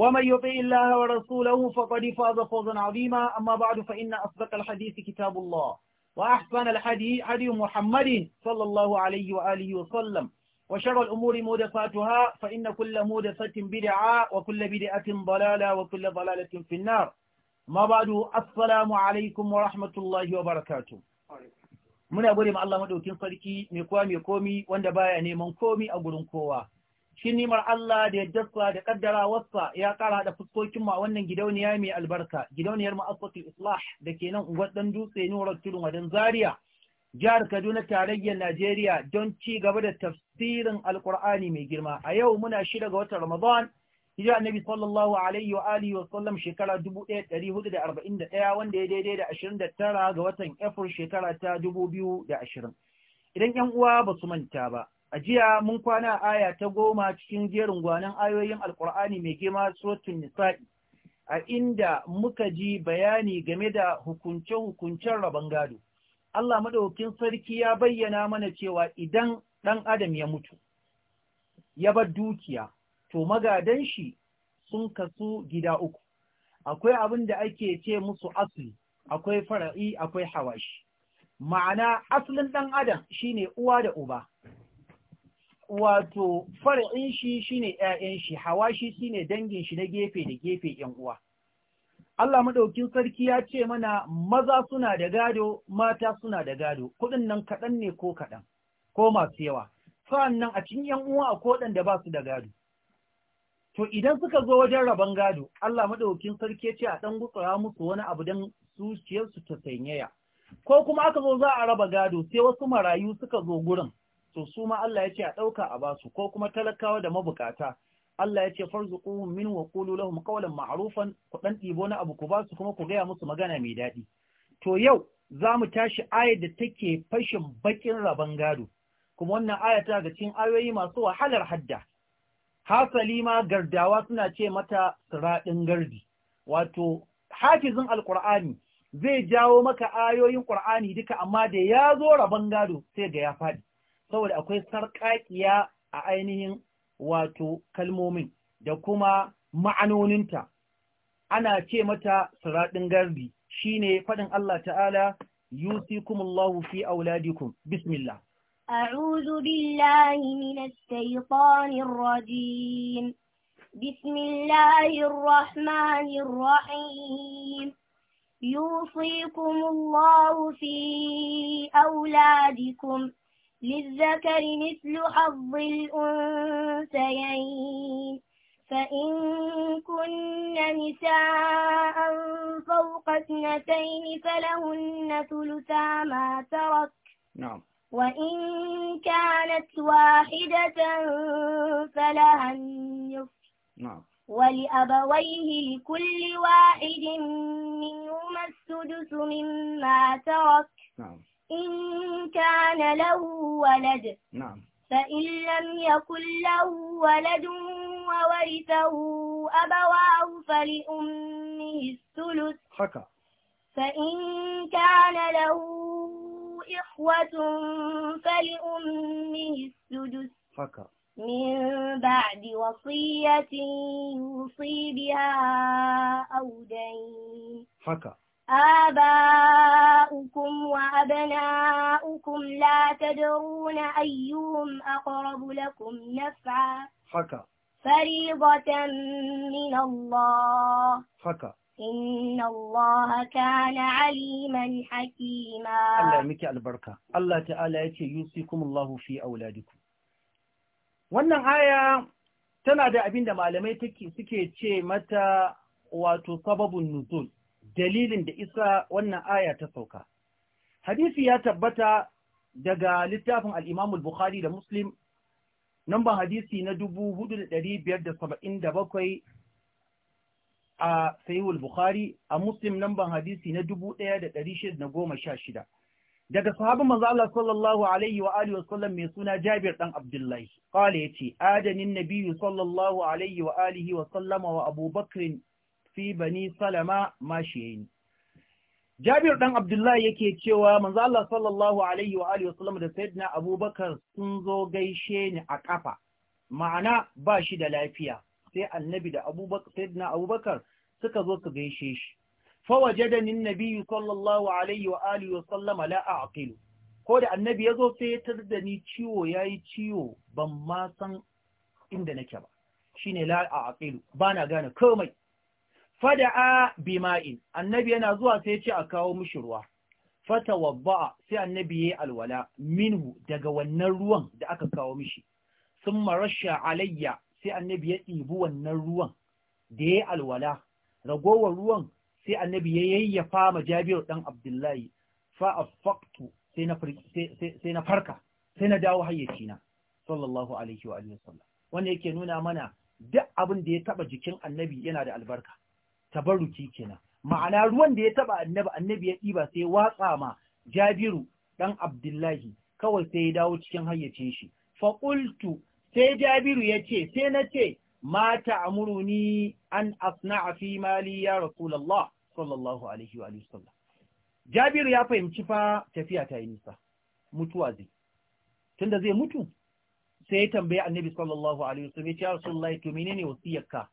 ومن يطع الله ورسوله فقد فاز فوزا عظيما أما بعد فإن أصدق الحديث كتاب الله وأحسن الحديث حديث محمد صلى الله عليه وآله وسلم وشر الأمور مودفاتها فإن كل مودفة بدعة وكل بدعة ضلالة وكل ضلالة في النار ما بعد السلام عليكم ورحمة الله وبركاته muna gode ma Allah madaukin sarki mai kowa mai komi wanda baya neman komi a gurin kowa cikin Allah da yaddarsa da kaddarawarsa ya kara da fuskokin mu a wannan gidauniya mai albarka gidauniyar mu'assasatul islah da ke nan unguwar dan dutse nurar tudun wadan zaria jihar kaduna tarayyar najeriya don ci gaba da tafsirin alkur'ani mai girma a yau muna shida ga watan ramadan hijira annabi sallallahu alaihi wa alihi wa sallam shekara 1441 wanda ya daidai da 29 ga watan april shekara ta 2020 idan yan uwa ba su manta ba a jiya mun kwana aya ta goma cikin jerin gwanan ayoyin alkur'ani mai girma suratul nisa'i a inda muka ji bayani game da hukunce-hukuncen rabon gado Allah madaukin sarki ya bayyana mana cewa idan ɗan adam ya mutu ya bar dukiya to magadan shi sun kasu gida uku akwai abin da ake ce musu asli akwai fara'i akwai hawashi ma'ana asalin ɗan adam shine uwa da uba wato far'in shi shine 'ya'yan shi hawashi shine dangin shi na gefe da gefe ƴan uwa Allah madaukin sarki ya ce mana maza suna da gado mata suna da gado Kuɗin nan kaɗan ne ko kaɗan ko masu yawa sannan a cikin ƴan uwa koɗan da ba su da gado to idan suka zo wajen rabon gado Allah madaukin sarki ya ce a ɗan gutsura musu wani abu dan zuciyarsu ta sanyaya ko kuma aka zo za a raba gado sai wasu marayu suka zo gurin to su ma Allah ya ce a ɗauka a basu ko kuma talakawa da mabukata Allah ya ce farzuquhum min wa qulu lahum qawlan ma'rufan ku dan ɗibo na abu ku basu kuma ku gaya musu magana mai daɗi to yau za mu tashi ayar da take fashin bakin raban gado kuma wannan aya ta ga cikin ayoyi masu wahalar hadda hasali ma gardawa suna ce mata siraɗin gardi wato hafizin alqur'ani zai jawo maka ayoyin qur'ani duka amma da ya zo raban gado sai ga ya faɗi saboda akwai sarƙaƙiya a ainihin wato kalmomin da kuma ma'anoninta ana ce mata siraɗin garbi shine faɗin Allah ta'ala yusikumullahu fi auladikum bismillah أعوذ بالله من الشيطان الرجيم بسم الله الرحمن الرحيم يوصيكم الله في أولادكم للذكر مثل حظ الأنثيين فإن كن نساء فوق اثنتين فلهن ثلثا ما ترك نعم وإن كانت واحدة فلها النصف نعم ولأبويه لكل واحد منهما السدس مما ترك نعم إن كان له ولد نعم فإن لم يكن له ولد وورثه أبواه فلأمه الثلث حكى فإن كان له إخوة فلأمه السدس حكى من بعد وصية يوصي بها أو دين حكى آباؤكم وأبناؤكم لا تدرون أيهم أقرب لكم نفعا حكا فريضة من الله حكا إن الله كان عليما حكيما الله مكي البركة الله تعالى يتي يوصيكم الله في أولادكم wannan aya tana da abin da malamai suke ce mata wato sababun nuzul dalilin da isa wannan aya ta sauka. Hadisi ya tabbata daga littafin al'imamu Bukhari da Muslim, namban hadisi na 4,577 a Sayiwul Bukhari, a Muslim namban hadisi na 1,616. Daga sahabin maza Allah sallallahu Alaihi wa Alihi wasallam mai suna Jabir ɗan Abdullahi, ƙwale ya ce, Adanin Nabiyu sallallahu Alaihi wa Alihi wasallama wa Abubakarin fi bani salama mashiyin Jabir dan Abdullahi yake cewa manzo Allah sallallahu alaihi wa alihi wasallam da Sayyidina Abubakar sun zo gaishe ni a kafa ma'ana ba shi da lafiya sai Annabi da Abubakar Sayyidina Abubakar suka zo su gaishe shi fa wajadani Nabi sallallahu alaihi wa alihi wasallam la a'qilu ko da Annabi ya zo sai ya tarda ni ciwo yayi ciwo ban ma san inda nake ba shine la Ba bana gane komai fada'a bima'in annabi yana zuwa sai ce a kawo mishi ruwa fata wabba'a sai annabi yayi alwala minhu daga wannan ruwan da aka kawo mishi Sun marasha alayya sai annabi ya ɗibi wannan ruwan da yayi alwala ragowar ruwan sai annabi ya yayyafa ma ɗan dan Abdullahi fa afaqtu sai na sai na farka sai na dawo hayyaci sallallahu alaihi wa alihi wasallam wanda yake nuna mana duk abin da ya taɓa jikin annabi yana da albarka tabaruki kenan ma'ana ruwan da ya taba annabi annabi ya ɗiba sai watsa ma jabiru dan abdullahi kawai sai ya dawo cikin hayyacin shi faƙultu sai jabiru ya ce sai na ce mata amuruni an asna'a fi mali ya rasulallah sallallahu alaihi wa sallam jabiru ya fahimci fa tafiya ta yi nisa mutuwa zai tunda zai mutu sai ya tambaye annabi sallallahu alaihi sallam ya ce ya rasulullah to menene wasiyarka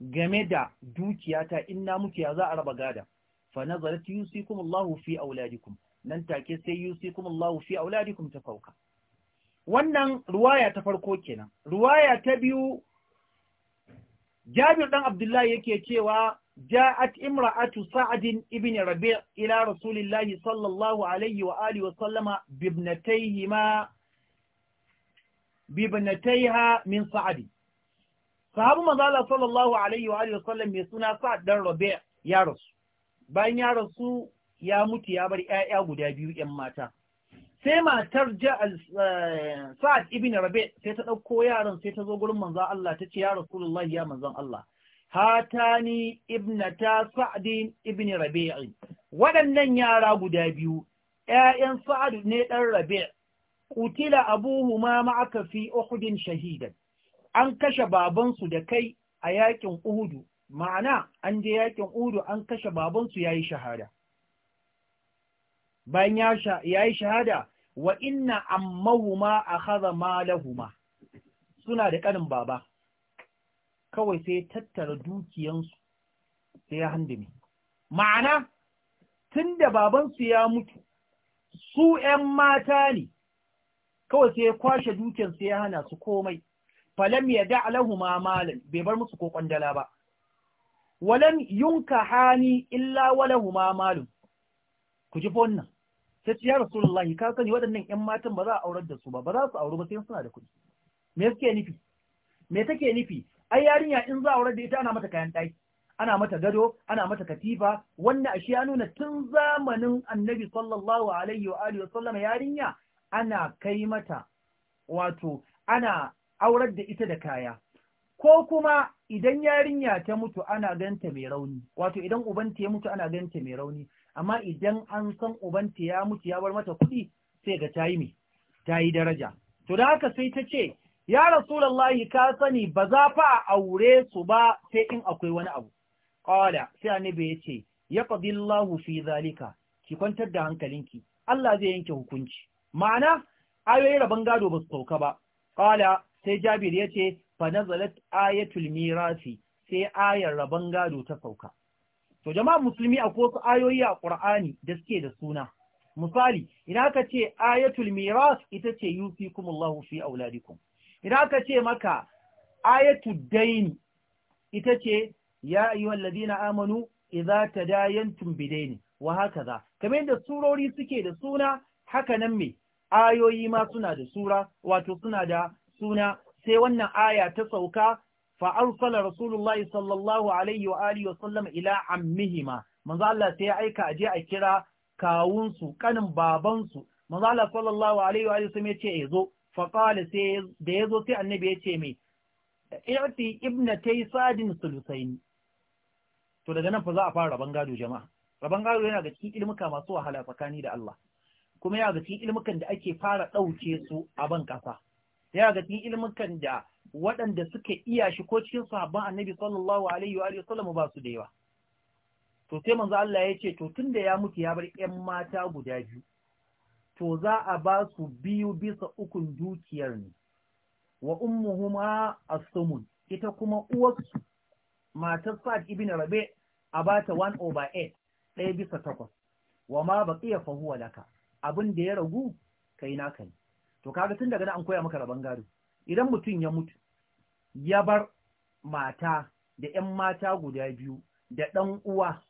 game da dukiyata in na mutu za a raba gada fa nazarat yusikumullahu fi auladikum nan take sai yusikumullahu fi auladikum ta fauka wannan ruwaya ta farko kenan ruwaya ta biyu Jabir dan Abdullahi yake cewa ja'at imra'atu Sa'd ibn Rabi' ila Rasulillahi sallallahu alaihi wa alihi wa sallama bibnatayhima bibnatayha min sa'adin. sahabu manzala sallallahu alaihi wa alihi mai suna Sa'ad dan Rabi' ya rasu bayan ya rasu ya mutu ya bar ƴaƴa guda biyu ƴan mata sai matar eh, Sa'ad ibn rabe sai ta ɗauko yaran sai ta zo gurin manzon Allah ta ce ya Rasulullahi ya manzon Allah hatani ibnata Sa'adin ibn Rabi'i waɗannan yara guda biyu ‘ya'yan Sa'adu ne ɗan rabe kutila abuhuma ma'aka fi Uhudin shahidan an kashe babansu da kai a yakin Uhudu, ma'ana an je yakin Uhudu an kashe babansu ya yi shahada. Bayan ya yi shahada, wa inna ammahuma a haza malahuma, suna da ƙanin baba, kawai sai tattara dukiyansu sai ya handume. Ma'ana, tun da babansu ya mutu, su ‘yan mata ne, kawai sai ya kwashe dukiyansu ya hana su komai. falam ya da alahuma malin bai bar musu ko kwandala ba walam yunka hani illa walahuma malin ku ji wannan sai ce ya rasulullahi ka sani waɗannan ƴan matan ba za a aurar da su ba ba za su auru ba sai suna da kuɗi me suke nufi me take nufi ai yarinya in za a aurar da ita ana mata kayan ɗaki ana mata gado ana mata katifa wannan ashe ya nuna tun zamanin annabi sallallahu alaihi wa alihi yarinya ana kai mata wato ana aurar da ita da kaya ko kuma idan yarinya ta mutu ana ganta mai rauni wato idan ubanta ya mutu ana ganta mai rauni amma idan an san ubanta ya mutu ya bar mata kuɗi sai ga tayi mai tayi daraja to da haka sai ta ce ya rasulallah ka sani ba za fa a aure su ba sai in akwai wani abu Ƙawada! sai annabi ya ce ya Allahu fi zalika ki kwantar da hankalinki Allah zai yanke hukunci ma'ana ayoyi rabon gado ba su sauka ba Ƙawada! sai jabir ya ce fa nazalat ayatul mirasi sai ayar rabon gado ta sauka to jama'a musulmi akwai wasu ayoyi a qur'ani da suke da suna misali idan aka ce ayatul miras ita ce yusikumullahu fi auladikum idan aka ce maka ayatul dain ita ce ya ayyuhal ladina amanu idza tadayantum bidain wa hakaza kamar yadda surori suke da suna haka nan me ayoyi ma suna da sura wato suna da suna sai wannan aya ta sauka fa arsala rasulullahi sallallahu alaihi wa alihi sallam ila ammihima manzo Allah sai ya aika aje a kira kawunsu kanin babansu manzo Allah sallallahu alaihi wa sallam ya ce yazo eh, fa qala da ya zo sai annabi ya yace me ta yi sadin sulusaini to daga nan fa za a fara raban gado jama'a raban gado yana ga cikin ilmuka masu wahala tsakani da Allah kuma yana ga cikin ilmukan da ake fara ɗauke su a ban ƙasa. yana ga cikin ilmukan da waɗanda suka iya shi ko cikin sahabban annabi sallallahu alaihi wa sallam ba su da yawa to sai manzo Allah ya ce to tunda ya mutu ya bar ƴan mata guda biyu to za a ba su biyu bisa uku dukiyar ne wa ummuhuma as-sumun ita kuma uwarsu matar Sa'd ibn Rabi a ba ta 1 over 8 ɗaya bisa takwas wa ma baqiya fa huwa laka abin da ya ragu kai naka ne to kaga tun daga an koya maka rabon gado idan mutum ya mutu ya bar mata da ƴan mata guda biyu da ɗan uwa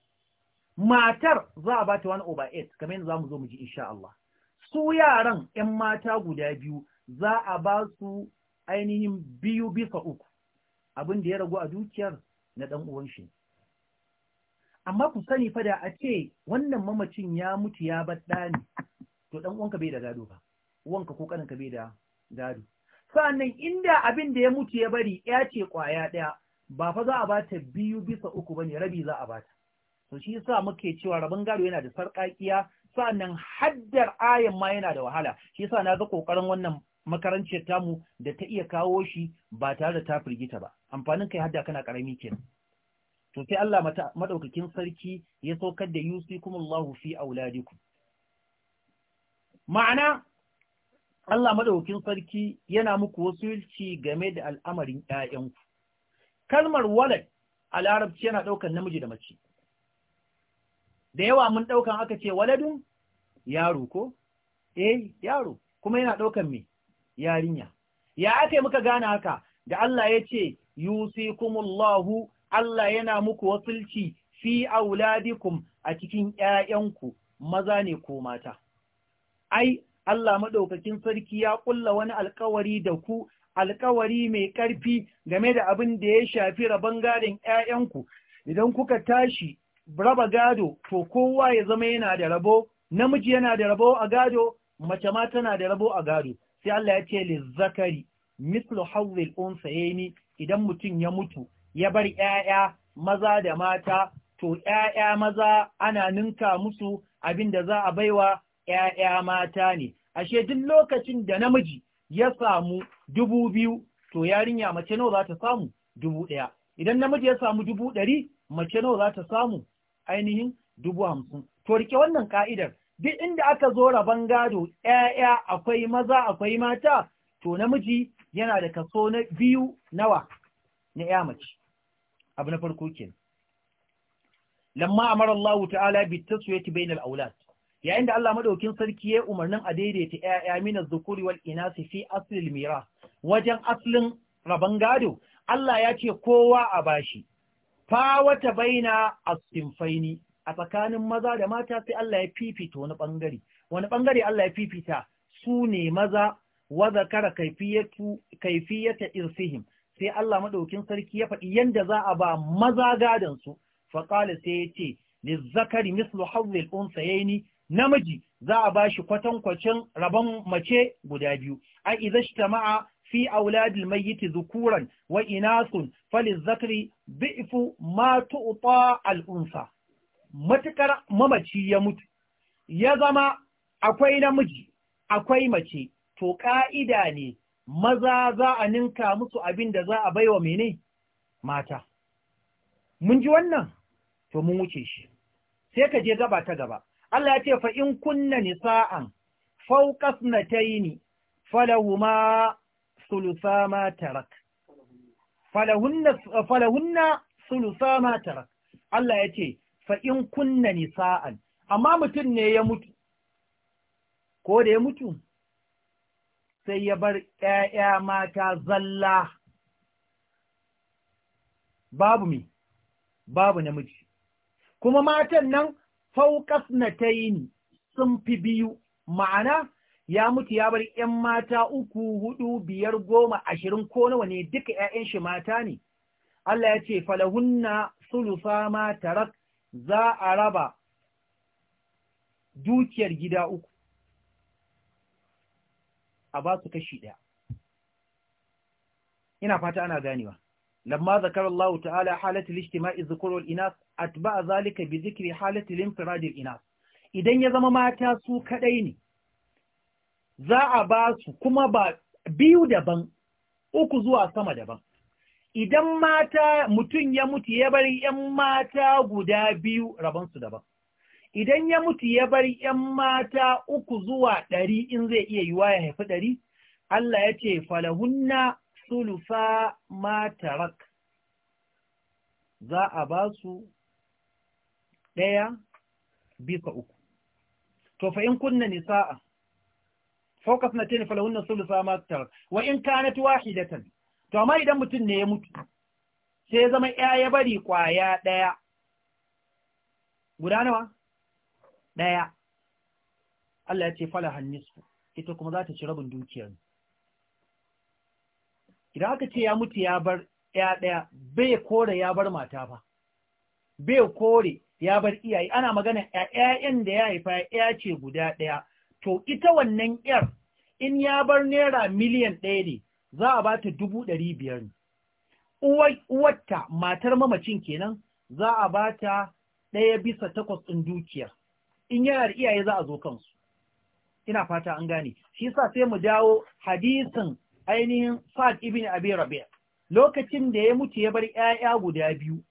matar za a bata wani over eight kamar yadda za mu zo mu ji insha Allah su yaran ƴan mata guda biyu za a ba su ainihin biyu bisa uku abin da ya ragu a dukiyar na ɗan uwan shi amma ku sani fa a ce wannan mamacin ya mutu ya bar ɗani to ɗan uwanka bai da gado ba Wanka ko ka bai da gado sa'annan inda abin da ya mutu ya bari ya ce kwaya ɗaya ba fa za a bata biyu bisa uku ba bane rabi za a bata to shi yasa muke cewa rabin gado yana da sarƙaƙiya sa'annan haddar ayan ma yana da wahala shi yasa na ga kokarin wannan makarancin tamu da ta iya kawo shi ba tare da ta firgita ba amfanin kai hadda kana karami kenan to sai Allah madaukakin sarki ya saukar da yusikumullahu fi auladikum ma'ana Allah madaukin sarki yana muku wasulci game da al'amarin ‘ya'yanku. Kalmar walad a larabci yana ɗaukar namiji da mace. Da yawa mun ɗaukan aka ce waladun yaro ko? Eh, yaro, kuma yana ɗaukan me? Yarinya. Ya aka yi muka gane haka da Allah ya ce, Yusikumullahu, Allah yana muku wasulci fi auladikum a cikin ‘ya'yanku maza ne ko mata. Ai, Allah maɗaukakin sarki ya ƙulla wani alkawari da ku, alkawari mai ƙarfi game da abin da ya shafi rabon gadon ‘ya'yanku, idan kuka tashi raba gado, to kowa ya zama yana da rabo, namiji yana da rabo a gado, mace ma tana da rabo a gado, sai Allah ya ce li zakari, mislu hawzil ni, idan mutum ya mutu, ya bar ‘ya'ya maza da mata, to ‘ya'ya maza ana ninka musu abin da za a baiwa ‘ya'ya mata ne, ashe duk lokacin da namiji ya samu dubu biyu to yarinya mace nawa za ta samu dubu ɗaya idan namiji ya samu dubu ɗari mace nawa za ta samu ainihin dubu hamsin to rike wannan ka'idar duk inda aka zo rabon gado ‘ya'ya akwai maza akwai mata to namiji yana da kaso na biyu nawa na ‘ya mace abu na farko kenan lamma amara Allah ta'ala bi taswiyati bainal aulad yayin da Allah madaukin sarki ya umarnin a daidaita ƴaƴa mina zukuri wal inasi fi asli miras wajen aslin raban gado Allah ya ce kowa a bashi fa wata baina a sinfaini a tsakanin maza da mata sai Allah ya fifita wani bangare wani bangare Allah ya fifita su ne maza wa zakara kaifiyatu kaifiyata irsihim sai Allah madaukin sarki ya faɗi yanda za a ba maza gadan su fa qala sai ya ce lizzakari mislu hawli al-unsayaini namiji za a bashi kwatankwacin rabon mace guda biyu a idza ijtama'a fi auladil mayyit zukuran wa inasun falizakri bi'fu ma tu'ta al unsa matukar mamaci ya mutu ya zama akwai namiji akwai mace to ka'ida ne maza za a ninka musu abin da za a bai wa mene mata mun ji wannan to mun wuce shi sai ka je gaba ta gaba Allah ya ce fa in kunna nisa'an fawqas nataini falahuma sulusa ma tarak falahunna falahunna sulusa ma tarak Allah ya ce fa in kunna nisa'an amma mutum ne ya mutu ko da ya mutu sai ya bar ƴaƴa mata zalla babu mi babu namiji kuma matan nan faukas na ni sun fi biyu, ma'ana ya mutu ya bar ‘yan mata uku, hudu, biyar, goma, ashirin ko nawa ne duka ‘ya'yan shi mata ne. Allah ya ce, falahunna sulufa ma tarak za a raba dukiyar gida uku, a ba su kashi ɗaya. Ina fata ana ganewa. Lamma ذكر الله تعالى حالة الاجتماع الذكور والإناث أتبع ذلك بذكر حالة ina. الإناث idan ya zama mata su kaɗai ne za a ba su kuma ba biyu daban uku zuwa sama daban idan mutum ya mutu ya bari ‘yan mata guda biyu rabansu daban idan ya mutu ya bari ‘yan mata uku zuwa ɗari in zai iya yiwa ya haifi ɗari Allah ya ce falahunna sulufa ma tarak za a ba su ɗaya bisa uku to fa in kunna nisa'a fawqa sanatayn falahunna sulufa ma tarak wa in da wahidatan to amma idan mutum ne ya mutu sai ya zama ya bari kwaya ɗaya guda nawa ɗaya Allah ya ce falahan nisfu ita kuma za ta ci rabin dukiyar idan aka ce ya mutu ya bar ya ɗaya bai kore ya bar mata ba, bai kore ya bar iyaye ana magana ƴaƴan da ya haifa ya ce guda ɗaya to ita wannan ƴar in ya bar naira miliyan ɗaya ne za a ba ta dubu ɗari biyar ne uwarta matar mamacin kenan za a ba ta ɗaya bisa takwas ɗin dukiya. in yana da iyaye za a zo kansu ina fata an gane shi sa sai mu dawo hadisin ainihin Sa'ad ibn Abi Rabi' lokacin da ya mutu ya bar ƴaƴa guda biyu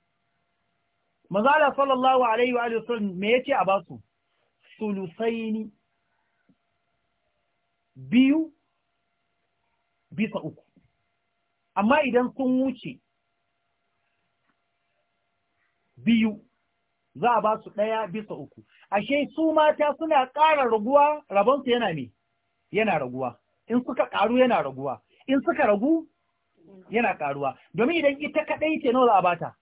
manzo Allah sallallahu alaihi wa alihi wasallam me yace a basu sulusaini biyu bisa uku amma idan sun wuce biyu za a ba su ɗaya bisa uku ashe su mata suna ƙara raguwa rabonsu yana ne yana raguwa in suka ƙaru yana raguwa in suka ragu yana karuwa domin idan ita kadai ce nawa za a bata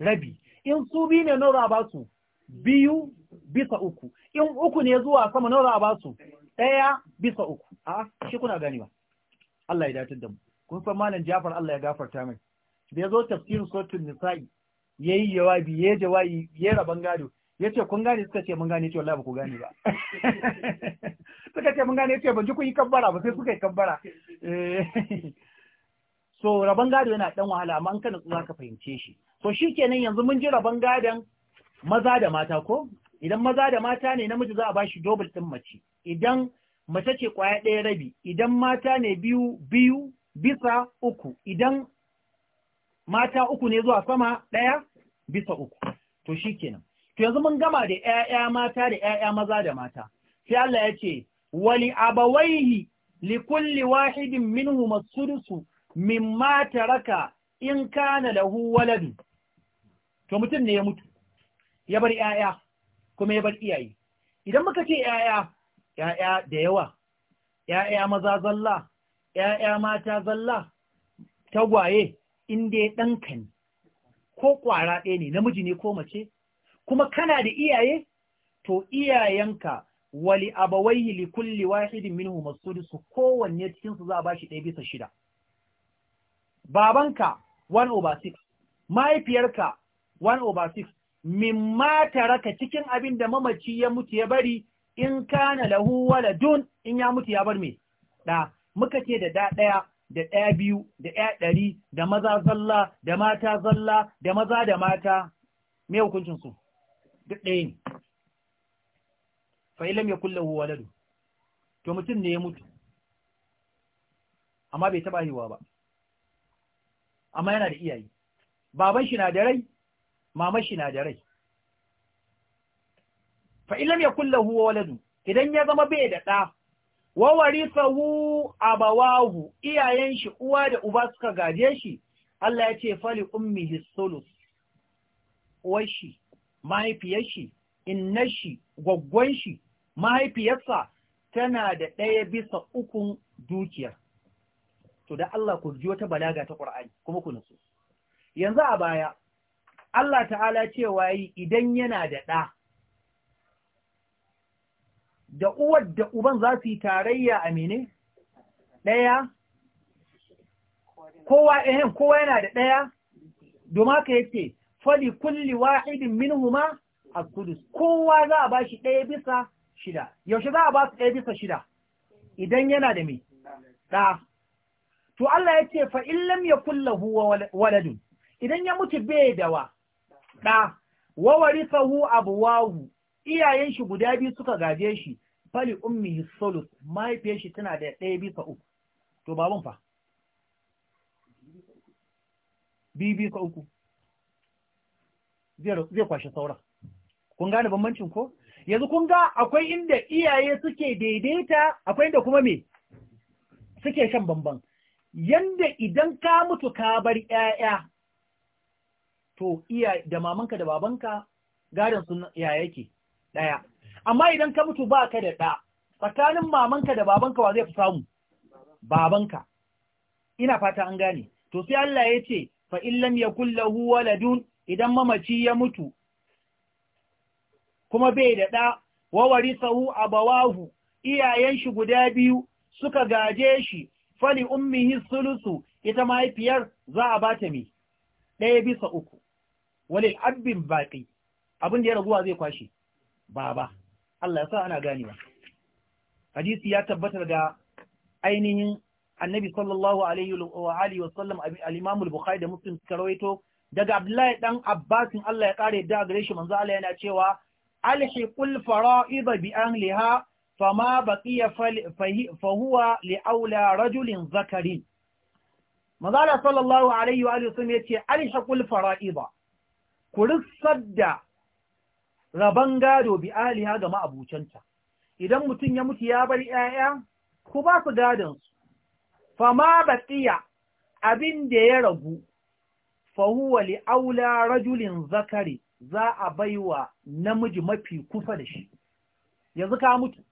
rabi in su bi ne nawa ba su biyu bisa uku in uku ne zuwa sama nawa a ba su ɗaya bisa uku a shi kuna gani ba Allah ya datar da mu kun san malam Jafar Allah ya gafarta mai da ya zo tafsirin suratul nisa'i yayi jawabi yayi jawabi yayi rabangado gado ya ce kun gane suka ce mun gane ce wallahi ba ku gane ba suka ce mun gane ce ban ji kun yi kabbara ba sai suka yi kabbara eh. so rabon gado yana dan wahala amma an kana tsuwa ka fahimce shi so shikenan yanzu mun ji rabon gadon maza da mata ko idan maza da mata ne namiji za a bashi double din mace idan mace ce kwaya ɗaya rabi idan mata ne biyu biyu bisa uku idan mata uku ne zuwa sama ɗaya bisa uku to shikenan to yanzu mun gama da ‘ya'ya mata da ‘ya'ya maza da mata, sai Allah ya ce, wali abawaihi li kulli wahidin minhu masudusu min mata raka in kana lahu waladu. To mutum ne ya mutu, ya bar ‘ya'ya, kuma ya bar iyaye. Idan muka ce ‘ya'ya, ‘ya'ya da yawa, ‘ya'ya maza zalla, ‘ya'ya mata zalla, tagwaye, inda ya ɗanka ne, ko ƙwara ɗaya ne, namiji ne ko mace, kuma kana da iyaye to iyayenka wali abawaihi li kulli wahidin minhu masudu su kowanne cikin su za a bashi 1 bisa shida. babanka 1 over 6 mahaifiyarka 1 over 6 mimma taraka cikin abin da mamaci ya mutu ya bari in kana lahu waladun in ya mutu ya bar me da muka ce da da daya da ɗaya biyu da ɗaya ɗari da maza zalla da mata zalla da maza da mata me hukuncin su duk ɗaya ne fa ilam ya kullahu waladu to mutum ne ya mutu amma bai taba haihuwa ba amma yana da iyaye baban shi na da rai maman shi na da rai fa ilam ya kullahu waladu idan ya zama bai da ɗa wa warithahu abawahu iyayen shi uwa da uba suka gaje shi Allah ya ce fali ummihi sulus uwar shi mahaifiyarshi shi gwaggonshi, shi shi mahaifiyarsa tana da ɗaya bisa ukun dukiyar to da Allah ku ji wata balaga ta Qur'ani kuma ku nutsu yanzu a baya Allah ta'ala cewa yi idan yana da ɗa da uwar da uban za su yi tarayya a mene ɗaya kowa kowa yana da ɗaya domin haka yake fali kulli wahidin minhuma al-qudus kowa za a bashi daya bisa shida yaushe za a ba su daya bisa shida idan yana da me Da! to Allah ya ce fa in lam yakul lahu waladun idan ya mutu bai da wa ɗa wa warithahu abwahu iyayen shi guda biyu suka gaje shi fali ummihi sulus mahaifiyar shi tana da daya bisa uku to babun fa biyu bisa uku zai kwashe sauran kun gane bambancin ko yanzu kun ga akwai inda iyaye suke daidaita akwai inda kuma me suke shan bamban yanda idan ka mutu ka bar 'ya'ya, to iya da mamanka da babanka gadon sun 'ya'ya ke ɗaya. amma idan ka mutu ba ka da ɗa tsakanin mamanka da babanka wa zai fi samu babanka ina fata an gane to sai Allah ya ce fa in ya kulla huwa ladun. idan mamaci ya mutu kuma bai da ɗa wawari sahu abawahu iyayen shi guda biyu suka gaje shi fali ummihi sulusu ita mahaifiyar za a bata mi ɗaya bisa uku wani abin baƙi abin da ya raguwa zai kwashe baba Allah ya sa ana ganewa hadisi ya tabbatar da ainihin annabi sallallahu alaihi wa sallam al bukhari da muslim suka rawaito daga Abdullahi dan Abbasin Allah ya kare da gare shi manzo Allah yana cewa alhiqul fara'id bi ahliha fama baqiya fa huwa li aula rajulin zakarin manzo Allah sallallahu alaihi wa sallam yace alhiqul fara'id ku rissadda raban gado bi ahliha ga ma'abucanta idan mutum ya mutu ya bar 'ya'ya, ku ba su gadon su fama baqiya abin da ya ragu fahuwa aula rajulin zakari za a baiwa namiji mafi kusa da shi yanzu ka mutu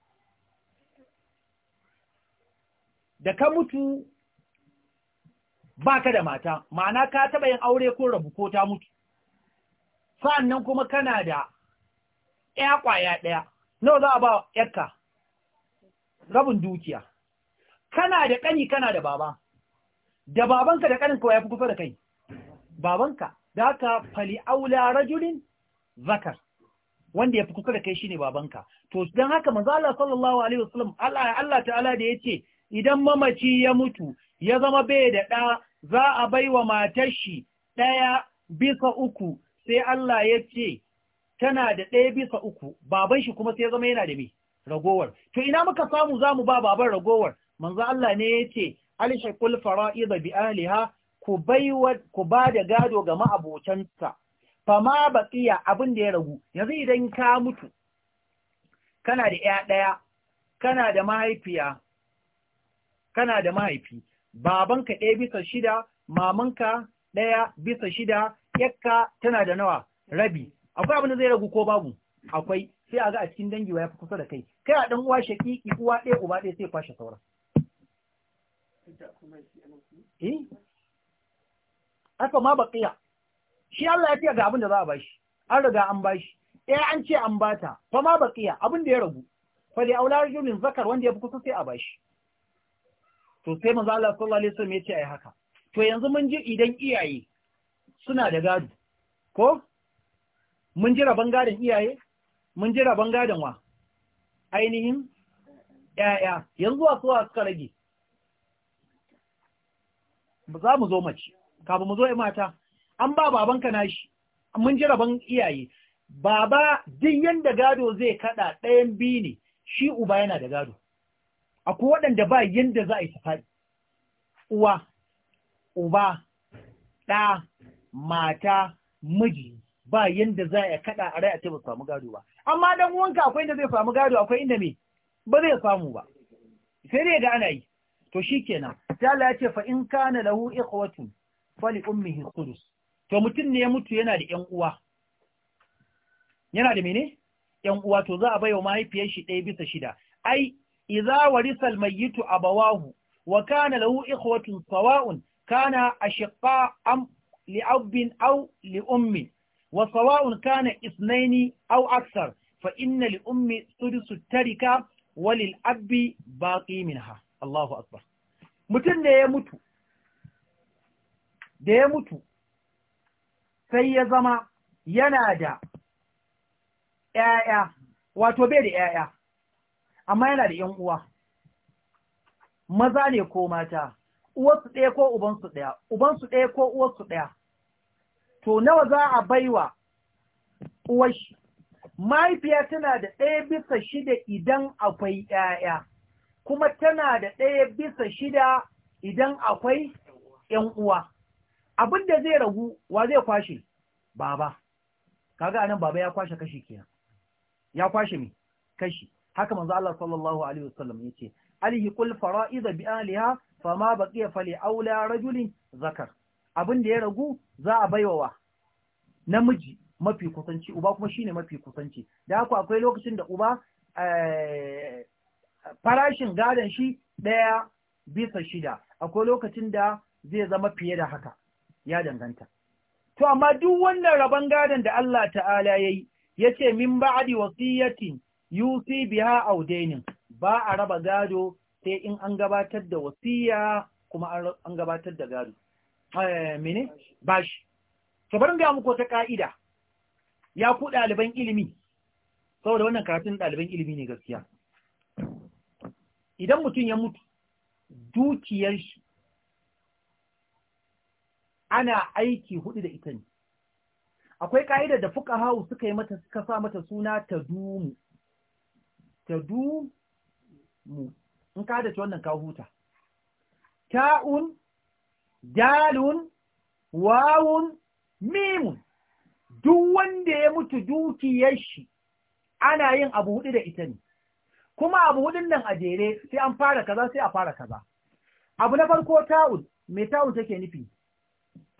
da ka mutu baka da mata ma'ana ka taba yin aure ko rabu ko ta mutu sa'annan kuma kana da ya kwaya ɗaya nawa za a ba ƴarka rabin dukiya kana da ƙani kana da baba da babanka da ƙaninka ya fi kusa da kai babanka da aka fali aula rajulin zakar wanda ya fi kusa da kai ne babanka to don haka manzo Allah sallallahu alaihi wasallam Allah ta'ala da yace idan mamaci ya mutu ya zama bai da ɗa za a baiwa matar shi ɗaya bisa uku sai Allah ya ce tana da ɗaya bisa uku baban shi kuma sai ya zama yana da mai ragowar to ina muka samu za mu ba baban ragowar manzo Allah ne ya ce alshaqul fara'id bi ahliha ku ba da gado ga ma'abocansa, fama baƙiya abin da ya ragu, yanzu idan ka mutu, kana da ‘ya ɗaya, kana da mahaifiya, kana da mahaifi, babanka ɗaya bisa shida, mamanka ɗaya bisa shida, yakka tana da nawa, rabi, akwai abin da zai ragu ko babu, akwai, sai a ga a cikin dangi ya fi kusa da kai, kai a ɗan uwa shaƙiƙi, uwa ɗaya, uba ɗaya sai kwashe sauran. Eh? haka ma baqiya shi Allah ya fiye ga abin da za a bashi an riga an bashi eh an ce an bata fa ma baqiya abin da ya ragu fa li aular julin zakar wanda ya fi kusa sai a bashi to sai manzo Allah sallallahu alaihi wasallam ya ce ai haka to yanzu mun ji idan iyaye suna da gado ko mun ji rabon gadon iyaye mun ji rabon gadon wa ainihin ‘ya'ya yanzu a suwa suka rage, ba za mu zo mace, kafin mu zo ya mata an ba babanka nashi mun ji rabon iyaye baba duk yanda gado zai kada ɗayan biyu ne shi uba yana da gado akwai waɗanda ba yanda za a yi safari uwa uba ɗa mata miji ba yanda za a kada a rai a ce ba samu gado ba amma dan uwanka akwai inda zai samu gado akwai inda me ba zai samu ba sai dai ga ana yi to shikenan sai Allah ya ce fa in kana lahu ikhwatun fali ummihi to mutum ne ya mutu yana da ƴan uwa yana da mene uwa to za a bai wa mahaifiyar shi ɗaya bisa shida ai Iza mai yi tu abawahu wa kana lahu ikhwatun sawa'un kana a am liabbin au li'ummi wa sawa'un kana isnaini au aksar fa inna li'ummi sudusu tarika wa lil'abbi min minha Allahu akbar mutum ne ya mutu da ya mutu sai ya zama yana da ‘ya'ya, wato bai da ‘ya'ya, amma yana da ‘yan uwa, maza ne ko mata, uwarsu ɗaya ko ubansu ɗaya, ubansu ɗaya ko uwarsu ɗaya, to nawa za a baiwa uwashi, mahaifiya tana da ɗaya bisa shida idan akwai ‘ya'ya, kuma tana da ɗaya bisa shida idan akwai ‘yan uwa. abin da zai ragu wa zai kwashe baba kaga anan baba ya kwashe kashi kenan ya kwashe mi kashi haka manzo Allah sallallahu alaihi wasallam yace alihi kul fara'id bi aliha fama baqiya fali aula rajulin zakar abin da ya ragu za a baiwa namiji mafi kusanci uba kuma shine mafi kusanci da haka akwai lokacin da uba eh, farashin gadon shi ɗaya bisa shida akwai lokacin da zai zama fiye da haka ya danganta to amma duk wannan rabon gadon da Allah ta'ala ya yi, ya ce min ba'di wasiyatin yusi biha aw dainin ba a raba gado sai in an gabatar da wasiya kuma an gabatar da gado eh, mene bashi to bari ga muku ta ƙa'ida. ya ku ɗaliban ilimi saboda wannan karatun ɗaliban ilimi ne gaskiya idan mutum ya mutu dukiyar shi ana aiki hudu da ita ne akwai ƙa'idar da fuka hau suka yi mata suka sa mata suna ta dumu ta dumu in ka da wannan ka huta ta'un dalun wawun mimun duk wanda ya mutu dukiyar shi ana yin abu hudu da ita ne kuma abu hudun nan a jere sai an fara kaza sai a fara kaza abu na farko ta'un me ta'un take nufi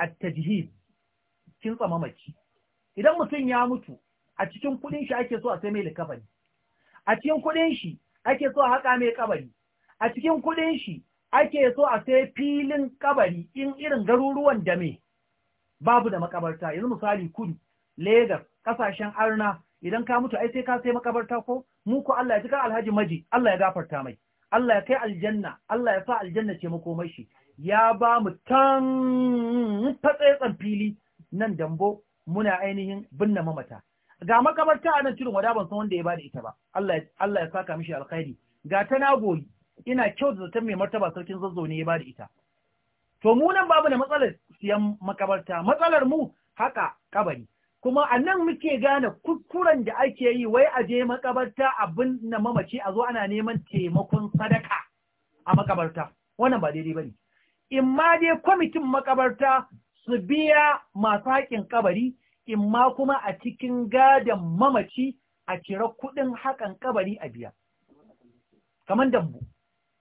at-tajhiz kin tsama mace idan mutum ya mutu a cikin kudin shi ake so a sai mai likafani a cikin kudin shi ake so a haka mai kabari a cikin kudin shi ake so a sai filin kabari in irin garuruwan da me babu da makabarta yanzu misali kudu Legas, kasashen arna idan ka mutu ai sai ka sai makabarta ko mu ko Allah ya tuka alhaji maji Allah ya gafarta mai Allah ya kai aljanna Allah ya sa aljanna ce makomai shi ya ba mu tan fatsaitsan fili nan dambo muna ainihin binna mamata ga makabarta a nan cikin wada ban san wanda ya bada ita ba Allah Allah ya saka mishi alkhairi ga ta nagoyi ina kyau da zaton mai martaba sarkin zazzo ne ya bada ita to mu nan babu da matsalar siyan makabarta matsalar mu haka kabari kuma a nan muke gane kuskuren da ake yi wai a je makabarta a binna mamaci a zo ana neman taimakon sadaka a makabarta wannan ba daidai bane in ma dai kwamitin makabarta su biya masu haƙin kabari in ma kuma a cikin gadon mamaci a cire kuɗin haƙan kabari a biya kamar dambu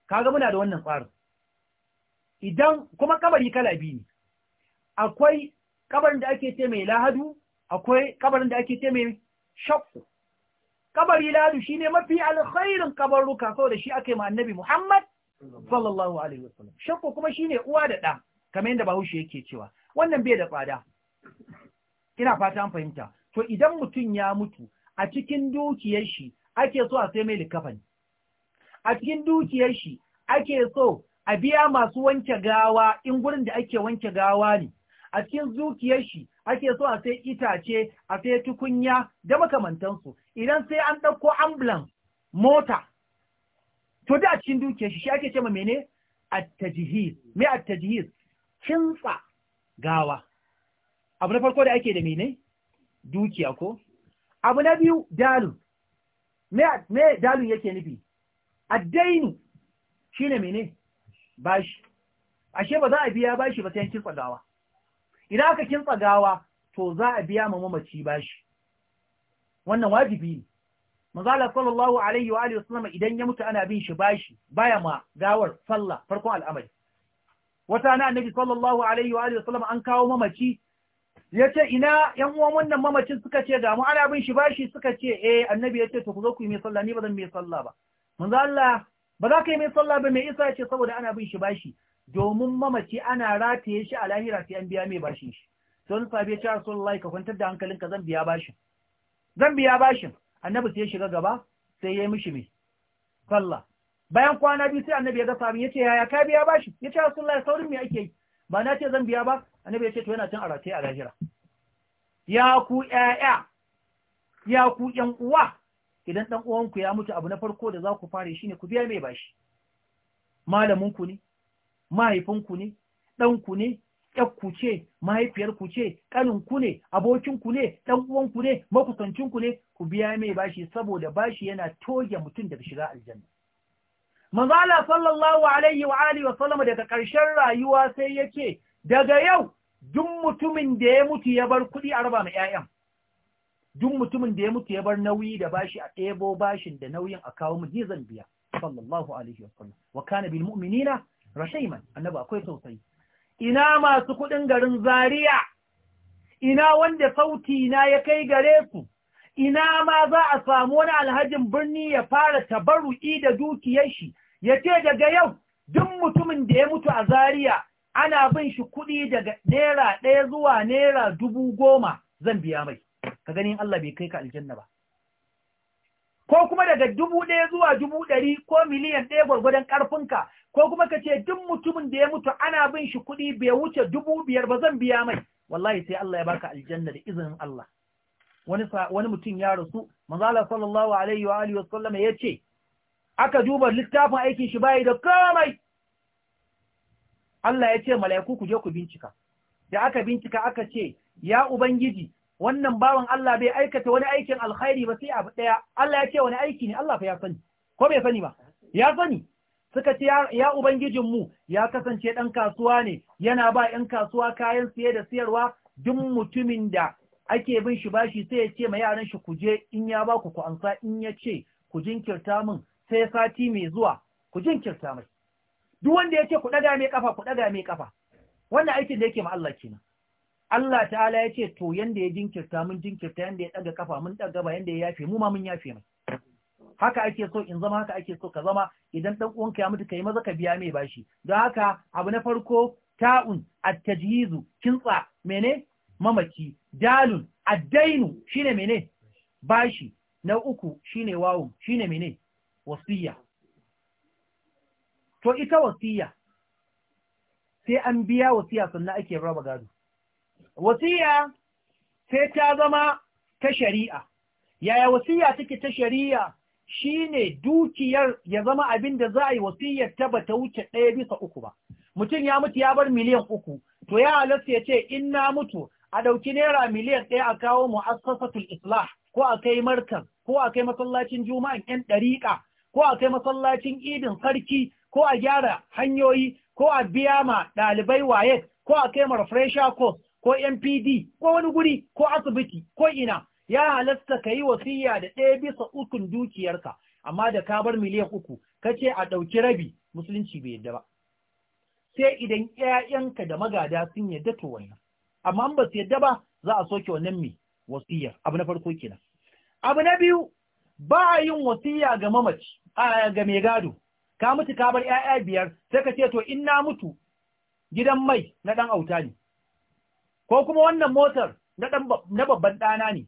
kaga muna da wannan tsarin idan kuma kabari kala biyu ne akwai kabarin da ake ce mai lahadu akwai kabarin da ake ce mai shakku kabari lahadu shine mafi alkhairin kabaruka da shi aka yi ma annabi Muhammad sallallahu alaihi wasallam shakko kuma shine uwa da ɗa kamar yadda bahaushe yake cewa wannan bai da tsada ina fata an fahimta to idan mutum ya mutu a cikin dukiyar shi ake so a sai mai likafani a cikin dukiyar shi ake so a biya masu wanke gawa in gurin da ake wanke gawa ne a cikin dukiyar shi ake so a sai itace a sai tukunya da makamantansu idan sai an ɗauko ambulance mota to da cikin dukiyar shi shi ake ce ma mene at-tajhiz me at-tajhiz kinsa gawa abu na farko da ake da mene dukiya ko abu na biyu dalu me me dalu yake nufi addainu shine mene bashi ashe ba za a biya bashi ba sai kinsa gawa idan aka kinsa gawa to za a biya ma mamaci bashi wannan wajibi ne manzala sallallahu alaihi wa alihi wasallam idan ya mutu ana bin shi bashi baya ma gawar sallah farkon al'amari wata na annabi sallallahu alaihi wa alihi wasallam an kawo mamaci yace ina yan uwan wannan mamacin suka ce ga ana bin shi bashi suka ce eh annabi ce to ku zo ku yi mai sallah ni ba zan mai sallah ba manzo ba za ka yi mai sallah ba mai isa ce saboda ana bin shi bashi domin mamaci ana rataye shi a lahira sai an biya mai bashin shi don sabi ya ce Rasulullahi ka kwantar da hankalinka zan biya bashin zan biya bashin annabi sai ya shiga gaba sai ya yi mishi mai sallah bayan kwana biyu sai annabi ya ga sabin yace yaya ka biya bashi yace ya saurin me ake yi ba na ce zan biya ba annabi ya ce to yana cin arate a lahira ya ku ƴaƴa ya ku ƴan uwa idan dan uwanku ya mutu abu na farko da za ku shi shine ku biya mai bashi malamin ku ne mahaifin ku ne dan ku ne ku ce mahaifiyarku ce ƙaninku ne abokinku ne ɗan uwanku ne makusancinku ne ku biya mai bashi saboda bashi yana toge mutum daga shiga aljanna manzala Allah sallallahu alaihi wa alihi wa sallama daga ƙarshen rayuwa sai yace daga yau duk mutumin da ya mutu ya bar kuɗi a raba ma 'yayan duk mutumin da ya mutu ya bar nauyi da bashi a ɗebo bashin da nauyin a kawo mu zan biya sallallahu alaihi wa sallam wa kana bil mu'minina rashayman annabi akwai sosai. ina masu kuɗin garin Zariya, ina wanda sauti na ya kai gare su, ina ma za a samu wani alhajin birni ya fara tabaru'i da dukiyar shi, ya ce daga yau duk mutumin da ya mutu a Zariya, ana bin shi kuɗi daga nera ɗaya zuwa naira dubu goma zan biya mai, ka ganin Allah bai kai ka aljanna ba. ko kuma daga dubu ɗaya zuwa dubu ɗari ko miliyan ɗaya gwargwadon ƙarfinka ko kuma ka ce duk mutumin da ya mutu ana bin shi kuɗi bai wuce dubu biyar ba zan biya mai wallahi sai Allah ya baka aljanna da izinin Allah wani wani mutum ya rasu manzo Allah sallallahu alaihi wa alihi wasallam ya ce aka duba littafin aikin shi bai da komai Allah ya ce mala'iku ku je ku bincika da aka bincika aka ce ya ubangiji wannan bawan Allah bai aikata wani aikin alkhairi ba sai abu daya Allah ya ce wani aiki ne Allah fa ya sani ko bai sani ba ya sani suka ce ya ubangijinmu ya kasance ɗan kasuwa ne yana ba ‘yan kasuwa kayan siye da siyarwa duk mutumin da ake bin shi bashi sai ya ce ma yaran shi ku je in ya ba ku ku ansa in ya ce ku jinkirta min sai sati mai zuwa ku jinkirta mai duk wanda ya ce ku ɗaga mai kafa ku ɗaga mai kafa wannan aikin da yake ma Allah kenan Allah ta'ala ya ce to yanda ya jinkirta mun jinkirta yanda ya ɗaga kafa mun ɗaga ba yanda ya yafe mu ma mun yafe mai haka ake so in zama haka ake so ka zama idan dan uwanka ya mutu kai maza ka biya mai bashi don haka abu na farko ta'un at-tajhizu kintsa mene mamaki, dalun ad-dainu shine mene bashi na uku shine wawun shine mene wasiya to ita wasiya sai an biya wasiya sannan ake raba gado wasiya sai ta zama ta shari'a yaya wasiya take ta shari'a shine dukiyar ya zama abin da za a yi wasiyar ta bata wuce ɗaya bisa uku ba mutum ya mutu ya bar miliyan uku to ya halasta ya ce in na mutu a ɗauki naira miliyan ɗaya a kawo mu'assasatul islah ko a kai markan ko a kai masallacin juma'an yan ɗariƙa ko a kai masallacin idin sarki ko a gyara hanyoyi ko a biya ma ɗalibai waye ko a kai ma refresher course ko PD, ko wani guri ko asibiti ko ina ya halasta ka yi wasiya da ɗaya bisa ukun dukiyarka amma da ka bar miliyan uku ka ce a ɗauki rabi musulunci bai yadda ba sai idan 'ya'yanka da magada sun yadda to wannan amma ba su yadda ba za a soke wannan mi wasiyar abu na farko kenan abu na biyu ba a yin wasiya ga mamaci a ga mai gado ka mutu ka bar 'ya'ya biyar sai ka ce to in na mutu gidan mai na ɗan auta ne ko kuma wannan motar na babban ɗana ne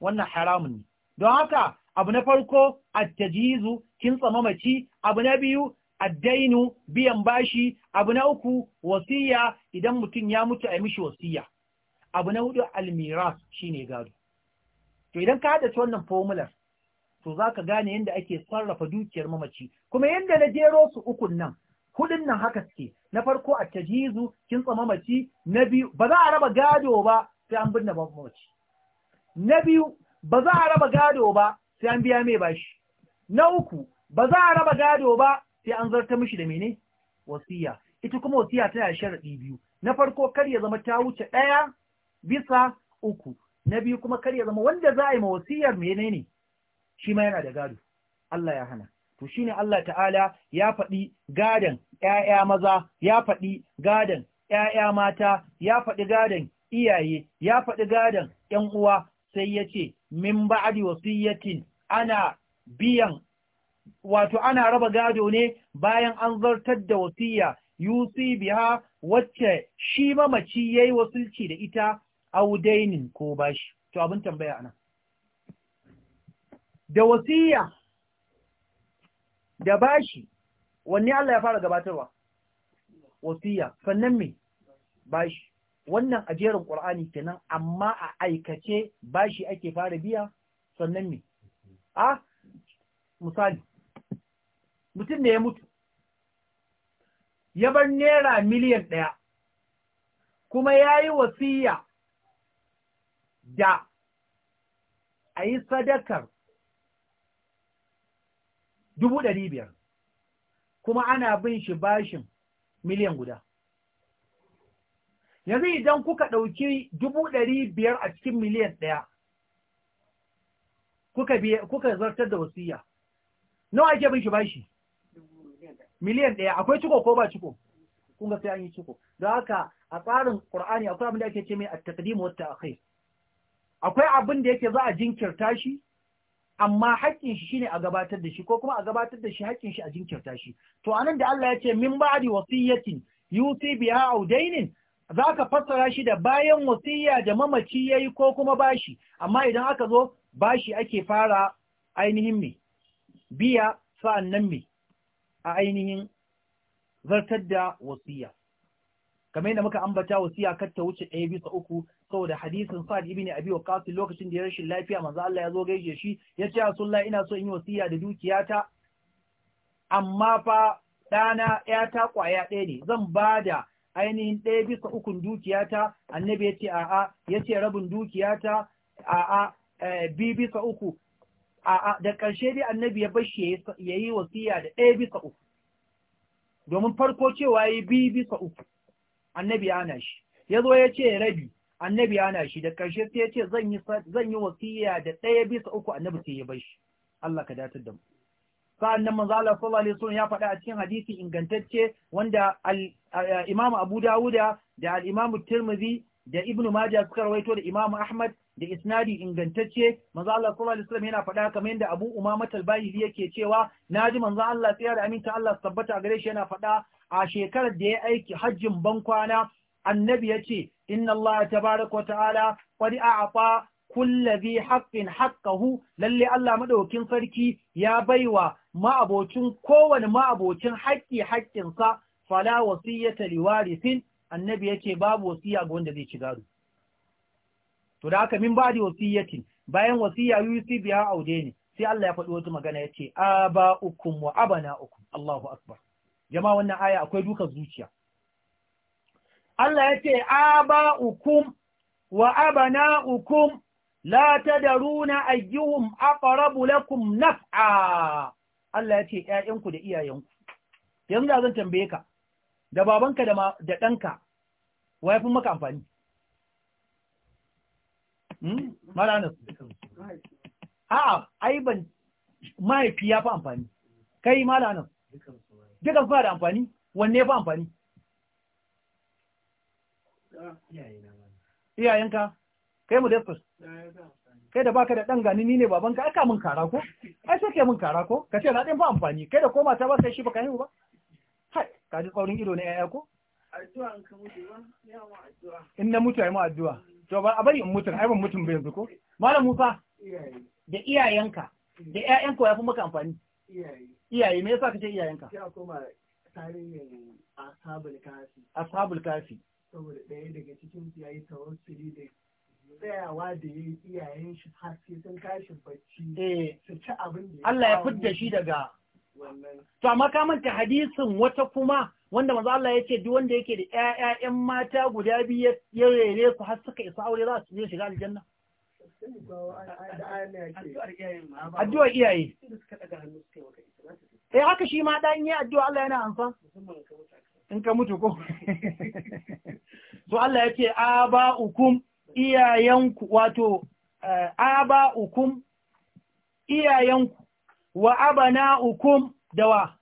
wannan haramun ne don haka abu na farko a kin tsama mace abu na biyu a dainu, biyan bashi abu na uku wasiya idan mutum ya mutu a mishi wasiya abu na hudu almiras ne gado to idan ka haɗa wannan fomular, to za ka gane yadda ake sarrafa dukiyar mamaci kuma yadda na jero su ukun nan hudun nan haka suke na farko a tajizu kin tsama mace na biyu ba za a raba gado ba sai an binne mamaci na biyu ba za a raba gado ba sai an biya mai bashi na uku ba za a raba gado ba sai an zarta mishi da mene wasiya ita kuma wasiya tana sharaɗi biyu na farko kar ya zama ta wuce ɗaya bisa uku na biyu kuma kar ya zama wanda za a yi ma wasiyar menene shi ma yana da gado Allah ya hana to shine Allah ta'ala ya faɗi gadon ‘ya'ya maza, ya faɗi gadon ‘ya'ya mata, ya faɗi gadon iyaye, ya faɗi gadon ‘yan uwa, sai ya ce, min ba'adi wasiyyatin ana biyan, wato ana raba gado ne bayan an zartar da wasiyya, yusi biha wacce shi mamaci ya yi wasulci da ita audainin ko bashi. To abin tambaya ana. Da wasiyya da bashi wanne Allah ya fara gabatarwa wasiya sannan me bashi wannan a jerin Qur'ani kenan amma a aikace bashi ake fara biya sannan me a misali mutum ne ya mutu ya bar naira miliyan ɗaya kuma ya yi wasiya da a yi sadakar dubu ɗari biyar kuma ana bin shi bashin miliyan guda yanzu idan kuka ɗauki dubu ɗari biyar a cikin miliyan ɗaya kuka zartar da wasiya nawa ake bin shi bashi miliyan ɗaya akwai ciko ko ba ciko kun ga sai an yi ciko Da haka a tsarin ƙur'ani akwai abin da ake ce mai a takdimu wata akai akwai abin da yake za a jinkirta shi amma haƙƙin shi shine a gabatar da shi ko kuma a gabatar da shi haƙƙin shi a jinkirta shi to anan da Allah ya ce min ba'di wasiyatin yusi biha aw daynin zaka fassara shi da bayan wasiyya da mamaci yayi ko kuma bashi amma idan aka zo bashi ake fara ainihin me biya sa'annan me a ainihin zartar da wasiya kamar yadda muka ambata wasiya kar ta wuce ɗaya bisa uku saboda hadisin Sa'ad ibn Abi Waqqas lokacin da ya rashin lafiya manzo Allah ya zo gaishe shi ya ce Rasulullah ina so in yi wasiya da dukiyata amma fa ɗana ta kwaya ɗaya ne zan ba da ainihin ɗaya bisa ukun dukiyata annabi ya ce a'a ya ce rabin dukiyata a'a eh, bi bisa uku a'a da ƙarshe dai annabi ya bashi ya yi wasiya da ɗaya bisa uku domin farko cewa ya yi bi bisa uku annabi ana shi ya zo ya ce rabi annabi ana shi da ƙarshe sai ya ce zan yi wasiya da ɗaya bisa uku annabi sai ya bar shi Allah ka datar da mu sa'an nan manzo Allah sallallahu alaihi wasallam ya faɗa a cikin hadisi ingantacce wanda al-Imam Abu Dawud, da al-Imam Tirmidhi da Ibn Majah suka rawaito da Imam Ahmad da isnadi ingantacce manzo Allah sallallahu alaihi wasallam yana faɗa kamar yadda Abu Umama Talbayili yake cewa naji manzo Allah tsaya da aminta Allah tabbata a gare shi yana faɗa a shekarar da ya aiki hajjin bankwana annabi ya ce inna Allah baraka ta'ala qad a'ata kulla dhi haƙƙin haƙƙahu. lalle Allah maɗaukin sarki ya baiwa ma'abocin kowane ma'abocin haƙƙi haƙƙinsa fala wasiyata liwarisin annabi ce, babu wasiya ga wanda zai ci gado to da haka min ba da wasiyyatin, bayan wasiya su biya aude ne sai Allah ya faɗi wata magana ya yace aba ukum wa abana ukum Allahu akbar jama wannan aya akwai dukan zuciya Allah ya ce Aba ukum wa ukum la tadaruna ayyuhum aqrabu lakum naf'a Allah ya ce ƴaƴanku da iyayenku yanzu da zan tambaye ka da babanka da da danka wa yafi maka amfani hmm a'a ai ban mahaifi ya fi amfani kai malana nan. duka ka da amfani wanne fa amfani iyayenka kai mu deskus kai da baka da dan gani ni ne babanka aka mun kara ko ai sai kai mun kara ko ka ce na din fa amfani kai da koma ta ba sai shi baka yi ba hai ka ji tsaurin ido ne yaya ko addu'a in ka mutu ba ya mu addu'a in na mutu ai ma addu'a to ba a bari in mutu ai ban mutum bai yanzu ko malam Musa da iyayenka da ƴaƴanka ya fi maka amfani iyaye me yasa kace iyayenka ya koma tarihin ashabul kafi ashabul kafi saboda ɗaya daga cikin su yayi tawassuli da tsayawa da yayi iyayen shi har sai sun kashi bacci eh su ci abin da Allah ya fidda shi daga wannan to amma ka manta hadisin wata kuma wanda manzo Allah ya ce duk wanda yake da ƴaƴa mata guda biyu ya rere su har suka isa aure za su je shiga aljanna addu'ar iyaye eh haka shi ma dan yi addu'a Allah yana amsa in ka mutu ko So Allah yake aba'ukum iyayenku wato eh, aba'ukum iyayenku wa abana abana'ukum dawa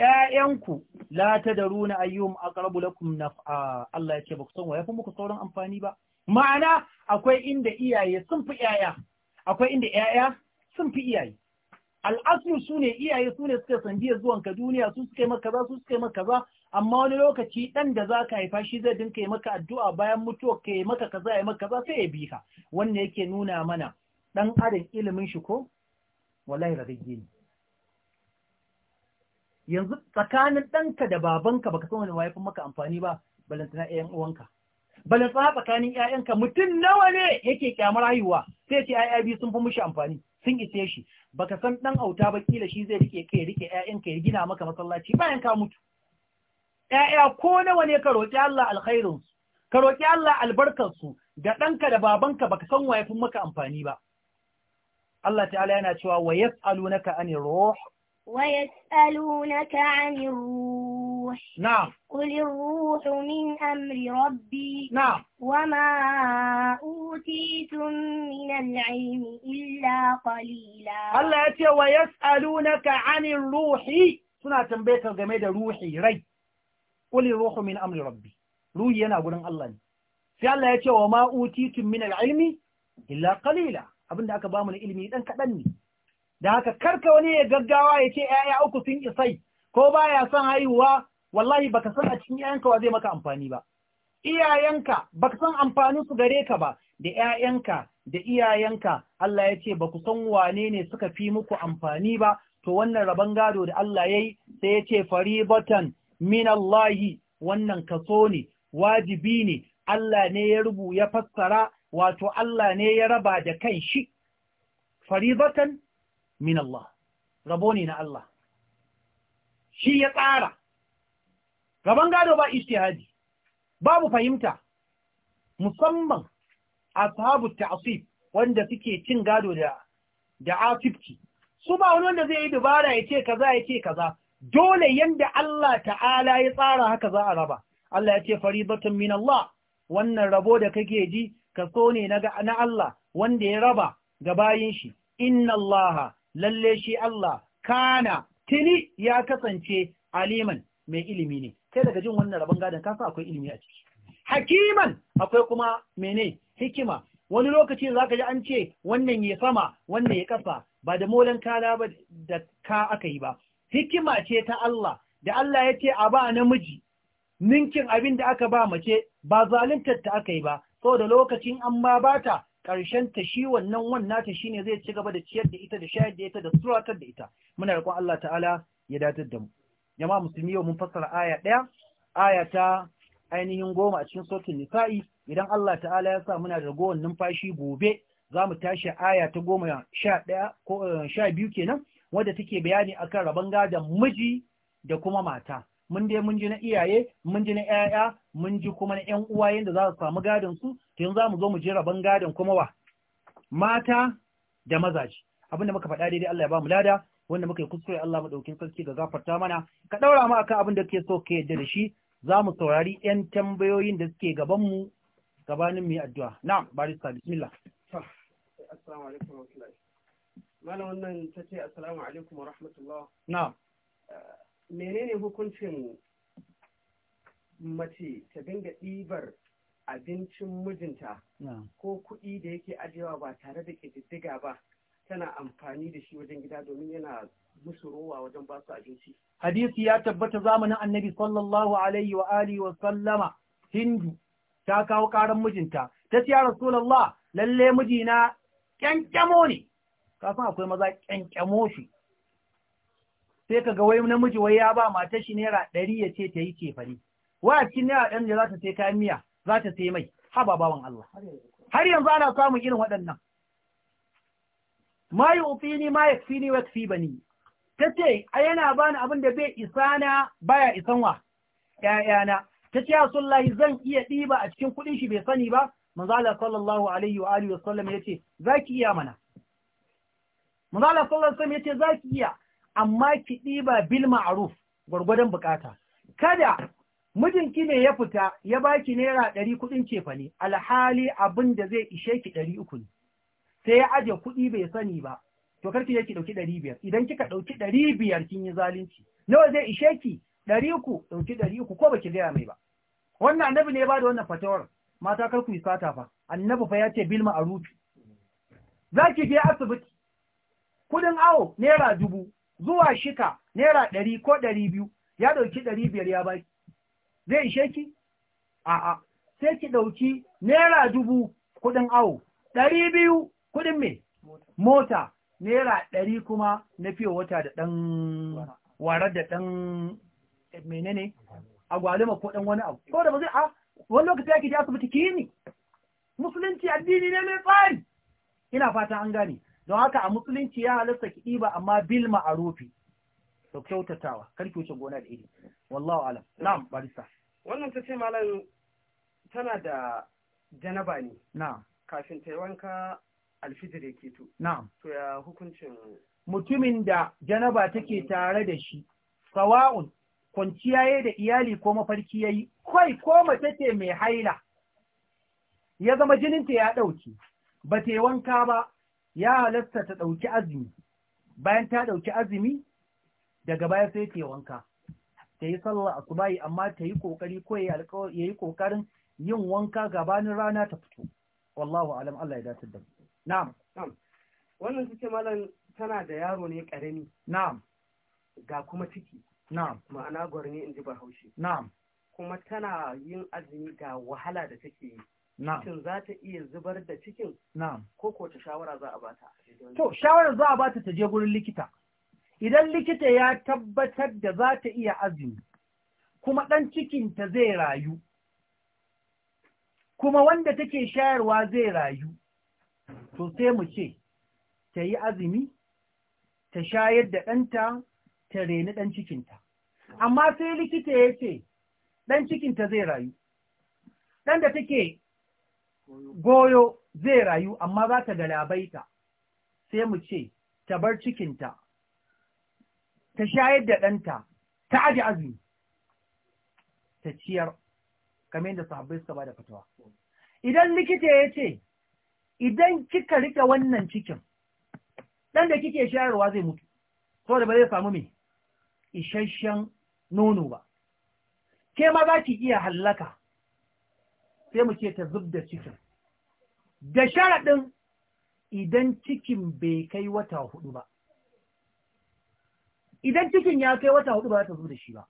‘ya'yanku la ta da runa ayyum a ƙarbu lakum na Allah ya ce ba ku san wa ya fi muku sauran amfani ba. ma'ana akwai inda iyaye sun fi ‘ya'ya, akwai inda ‘ya'ya sun fi iyaye. Al’asu su ne iyaye su ne suka sandiyar zuwan ka duniya su suka yi maka za su suka yi maka za, amma wani lokaci ɗan da za ka haifa shi zai dinka yi maka addu'a bayan mutuwa ka yi maka kaza ya maka za sai ya bi ka. Wannan yake nuna mana ɗan adam ilimin shi ko? Wallahi ragagge ne. Yanzu tsakanin ɗanka da babanka baka san wani wayafin maka amfani ba, balantana ‘yan uwanka. balin tsaha tsakanin ‘ya'yanka mutum nawa ne yake kyamar haihuwa sai ce ‘ya'ya biyu sun fi mushi amfani sun ise shi baka san ɗan auta ba kila shi zai rike kai rike ‘ya'yanka ya gina maka masallaci bayan ka mutu Ƴaƴa ko nawa ne ka roƙi Allah su ka roƙi Allah su Da ɗanka da babanka baka san wa ya fi maka amfani ba Allah ta'ala yana cewa wa yas'alunaka anir ruh ويسألونك عن الروح نعم قل الروح من أمر ربي نعم وما أوتيتم من العلم إلا قليلا الله يتي ويسألونك عن الروح سنة تنبيك الجميع روحي ري قل الروح من أمر ربي روحي أنا أقول الله sai Allah ya ce wa ma'utitun min al'ilmi illa qalila abinda aka bamu na ilimi dan kadan ne da haka karka wani ya gaggawa ya ce ‘ya'ya uku sun isai ko ba ya son haihuwa wallahi ba ka san a cikin ‘ya'yanka wa zai maka amfani ba iyayenka ba ka san amfanin su gare ka ba da ‘ya'yanka da iyayenka Allah ya ce ba ku san wane ne suka fi muku amfani ba to wannan rabon gado da Allah ya yi sai ya ce faribatan min Allahi wannan kaso ne wajibi ne Allah ne ya rubu ya fassara wato Allah ne ya raba da kan shi faribatan min Allah rabo ne na Allah shi ya tsara gaban gado ba ijtihadi babu fahimta musamman ashabu ta'sib wanda suke cin gado da da asibci su ba wani wanda zai yi dubara ya ce kaza ya ce kaza dole yanda Allah ta'ala ya tsara haka za a raba Allah ya ce faridatun min Allah wannan rabo da kake ji kaso ne na Allah wanda ya raba ga bayin shi inna Allah lalle shi Allah kana tini ya kasance aliman mai ilimi ne sai daga jin wannan rabon gadon kasa akwai ilimi a ciki hakiman akwai kuma mene hikima wani lokaci za ka ji an ce wannan ya sama wannan ya kasa ba da molan kala ba da ka aka yi ba hikima ce ta Allah da Allah ya ce a ba namiji ninkin abin da aka ba mace ba zaluntar ta aka yi ba saboda lokacin an ma bata ƙarshen ta shi wannan wannan ta ne zai ci gaba da ciyar da ita da shayar da ita da suratar da ita muna roƙon Allah ta'ala ya datar da mu yama musulmi yau mun fassara aya ɗaya aya ta ainihin goma a cikin sautin nisa'i idan Allah ta'ala ya sa muna da ragowar numfashi gobe za mu tashi aya ta goma sha ɗaya ko eh, sha biyu kenan wadda take bayani akan rabon gadon miji da kuma mata mun dai mun ji na iyaye mun ji na 'ya'ya mun ji kuma na 'yan uwa yadda za su samu gadon su yanzu za mu zo mu je rabon gadon kuma wa mata da mazaji abinda muka faɗa daidai Allah ya ba mu lada wanda muka yi kuskure Allah madaukin sarki da gafarta mana ka daura mu akan abin da kake so ka yadda da shi za mu saurari yan tambayoyin da suke gaban mu gabanin mu yi addu'a na'am barista bismillah assalamu alaikum wa rahmatullahi malam wannan ce assalamu alaikum wa rahmatullah na'am menene hukuncin mace ta dinga ɗibar abincin mijinta ko kuɗi da yake ajiyewa ba tare da ƙididdiga ba tana amfani da shi wajen gida domin yana musu rowa wajen ba su abinci. Hadisi ya tabbata zamanin annabi sallallahu alaihi wa alihi wa sallama Hindu ta kawo karan mijinta ta ce rasulallah Rasulullah lalle mijina kyankyamo ne kafin akwai maza kyankyamo shi sai ka ga wai namiji wai ya ba matar shi naira ɗari ya ce ta yi cefane wa a cikin naira ɗan da za ta sai kayan miya za ta sai mai haba bawan Allah har yanzu ana samun irin waɗannan ma yi ufini ma ya ni wa fi bani ta ce a yana bani abin da bai isa na baya isan wa ‘ya'yana ta ce sun layi zan iya ɗiba a cikin kuɗin shi bai sani ba manzala sallallahu alaihi wa alihi wasallam ya ce za ki iya mana manzala sallallahu alaihi ya ce za ki iya amma ki ɗiba bil ma'aruf gwargwadon bukata kada mijinki ne ya fita ya baki naira ɗari kuɗin cefane, ne alhali abin da zai ishe ki ɗari uku ne sai ya aje kuɗi bai sani ba to karki je ki ɗauki ɗari biyar idan kika ɗauki ɗari biyar kin yi zalunci nawa zai ishe ki ɗari uku ɗauki ɗari uku ko baki gaya mai ba wannan annabi ne ya bada wannan fatawar mata kar ku yi sata fa annabi fa ya ce bil ma'ruf za ki je asibiti kuɗin awo naira dubu zuwa shika naira ɗari ko ɗari biyu ya ɗauki ɗari biyar ya baki zai ishe ki a'a sai ki ɗauki naira dubu kuɗin awo ɗari biyu kuɗin me mota naira ɗari kuma na fiye wata da ɗan warar da ɗan mene A agwaluma ko ɗan wani abu ko da ba zai a wani lokaci ake je asibiti kini musulunci addini ne mai tsari ina fata an gane don haka a musulunci ya halasta ki ɗiba amma bil ma'arufi Sau kyautatawa kar ki wuce gona da iri wallahu alam na'am barista wannan ta ce malam tana da janaba ne kafin ta yi wanka alfijir ya keto to ya hukuncin mutumin da janaba take tare da shi sawa'un kwanciya ya da iyali ko mafarki ya yi kai ko mace ce mai haila ya zama jinin ta ya ɗauki ba ta yi wanka ba ya halasta ta ɗauki azumi bayan ta ɗauki azumi daga baya sai ta yi wanka ta yi sallah a asubahi amma ta yi kokari ko ya yi kokarin yin wanka gabanin rana ta fito wallahu alam Allah ya dace da mu na'am wannan suke malam tana da yaro ne karami na'am ga kuma ciki na'am ma'ana gwarni in ji bahaushe na'am kuma tana yin azumi ga wahala da take yi Cikin za ta iya zubar da cikin? Na'am. Ko ko ta shawara za a bata? To, shawara za a bata ta je gurin likita. idan likita ya tabbatar da za ta iya azumi kuma ɗan cikinta zai rayu kuma wanda take shayarwa zai rayu to sai mu ce ta yi azumi ta shayar da ɗanta ta reni ɗan cikinta amma sai likita ya ce ɗan cikinta zai rayu ɗan da take goyo zai rayu amma za ta galabaita sai mu ce ta bar cikinta ta shayar da ɗanta ta aji azumi ta ciyar kamar yadda sahabbai suka ba da fatawa idan likita ya ce idan kika rika wannan cikin ɗan da kike shayarwa zai mutu saboda ba zai samu mai isasshen nono ba ke ma za ki iya hallaka sai mu ce ta zub da cikin da sharaɗin idan cikin bai kai wata hudu ba idan cikin ya kai wata hudu ba za ta zo da shi ba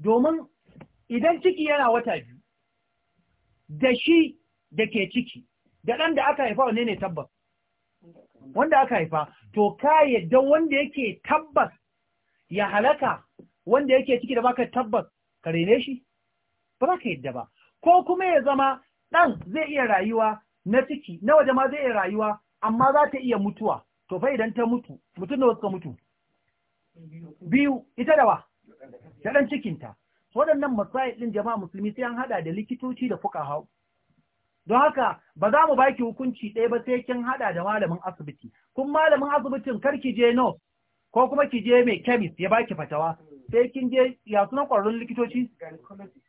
domin idan ciki yana wata biyu da shi da ke ciki da ɗan da aka haifa wane ne tabbas wanda aka haifa to ka yadda wanda yake tabbas ya halaka wanda yake ciki da baka tabbas ka rene shi ba za ka yadda ba ko kuma ya zama ɗan zai iya rayuwa na ciki na waje ma zai iya rayuwa amma za ta iya mutuwa to fa idan ta mutu mutum da wasu ka mutu biyu ita da wa da ɗan cikinta waɗannan matsayi ɗin jama'a musulmi sai an haɗa da likitoci da fuka hau don haka ba za mu baki hukunci ɗaya ba sai kin haɗa da malamin asibiti kun malamin asibitin kar ki je no ko kuma ki je mai chemist ya baki fatawa sai kin je ya suna ƙwararrun likitoci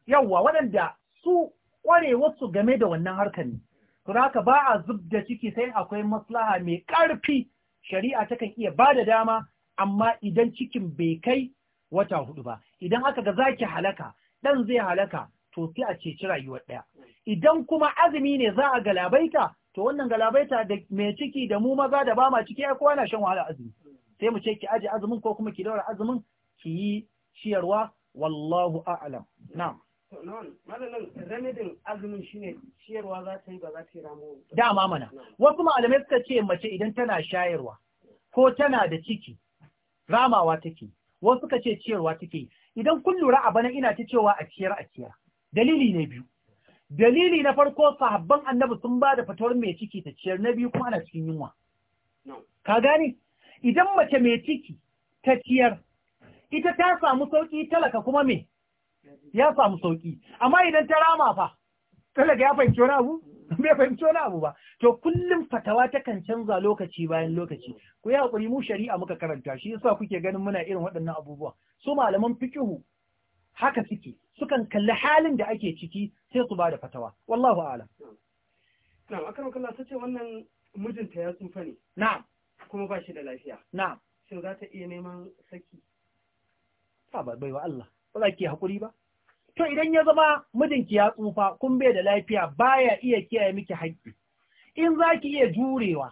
yawwa waɗanda su ƙware wasu game da wannan harkar ne to haka ba a zub da ciki sai akwai maslaha mai ƙarfi shari'a takan iya ba da dama amma idan cikin bai kai wata hudu ba idan aka ga zaki halaka ɗan zai halaka to sai a ceci rayuwar ɗaya. Idan kuma azumi ne za a galabaita, to wannan galabaita da mai ciki da mu maza da ba ma ciki ai kowa na shan wahala azumi. Sai mu ce ki aje azumin ko kuma ki daura azumin ki yi ciyarwa wallahu a'lam. Na'am. Da Dama mana. Wasu malamai suka ce mace idan tana shayarwa ko tana da ciki ramawa take wasu ka ce ciyarwa take idan kun lura a bana ina ta cewa a ciyar a ciyar dalili ne biyu dalili na farko sahabban annabi sun ba da fatawar mai ciki ta ciyar na biyu kuma ana cikin yunwa ka gane idan mace mai ciki ta ciyar ita ta samu sauki talaka kuma me ya samu sauki amma idan ta rama fa talaka ya fahimci wani abu bai fahimci wani abu ba to kullum fatawa takan canza lokaci bayan lokaci ku yi haƙuri mu shari'a muka karanta shi yasa kuke ganin muna irin waɗannan abubuwa su malaman fiqhu haka suke sukan kalli halin da ake ciki sai su ba da fatawa wallahu a'lam na'am akan kallon ta ce wannan mijinta ya tsufa ne na'am kuma ba shi da lafiya na'am shin za ta iya neman saki ba bai wa Allah ba za ki haƙuri ba to idan ya zama mijinki ya tsufa kun bai da lafiya baya iya kiyaye miki haƙƙi in zaki iya jurewa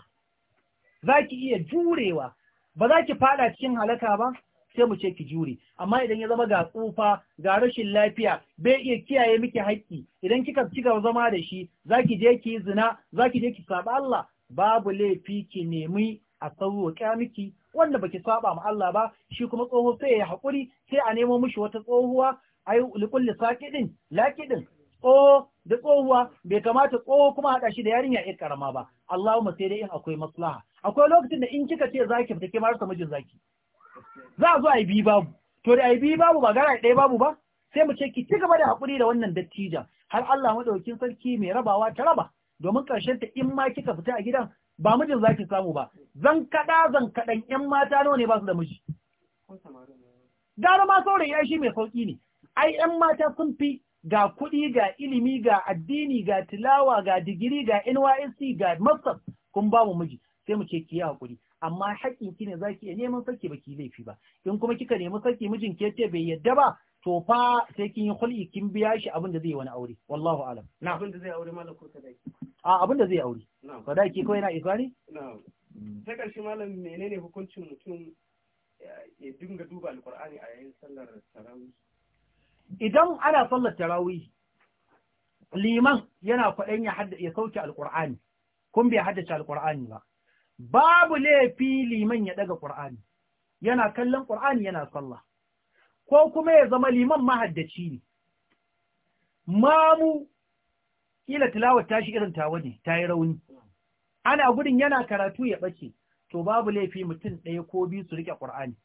zaki iya jurewa ba za ki fada cikin halaka ba sai mu ce ki jure amma idan ya zama ga tsufa ga rashin lafiya bai iya kiyaye miki haƙƙi idan kika ci zama da shi zaki je ki zina zaki je ki saba Allah babu laifi ki nemi a sauƙa miki wanda baki saba ma Allah ba shi kuma tsoho sai ya haƙuri sai a nemo mishi wata tsohuwa ai likulli sakidin lakidin tsoho da tsohuwa bai kamata ko kuma haɗa shi da yarinya ya karama ba Allahumma sai dai in akwai maslaha akwai lokacin da in kika ce zaki fita ma rasa mijin zaki za a zo ai bi babu to da ai bi babu ba gara ɗaya babu ba sai mu ce ki ci gaba da hakuri da wannan dattija har Allah maɗaukin sarki mai rabawa ta raba domin karshen ta in ma kika fita a gidan ba mijin zaki samu ba zan kada zan kadan 'yan mata nawa ne ba su da miji Gano ma saurayi ya shi mai sauki ne ai ‘yan mata sun fi ga kuɗi ga ilimi ga addini ga tilawa ga digiri ga NYSC ga master kun ba mu miji sai mu ce ki yi hakuri amma haƙƙin ki ne zaki iya neman saki ki laifi ba in kuma kika nemi saki mijin ke ce bai yadda ba to fa sai kin yi hulɗi kin biya shi abin da zai wani aure wallahu alam na abin da zai aure malam ko sadaki a abin da zai aure sadaki kawai na isani na sai karshe malam menene hukuncin mutum ya dinga duba alqur'ani a yayin sallar tarawih idan ana sallar tarawih liman yana kwaɗan ya ya sauke alqur'ani kun bai haddace alqur'ani ba babu laifi liman ya daga qur'ani yana kallon ƙur'ani yana sallah ko kuma ya zama liman mahaddaci ne mamu kila tilawar tashi irin tawa ne ta yi rauni ana gudun yana karatu ya ɓace to babu laifi mutum ɗaya ko biyu su riƙe ƙur'ani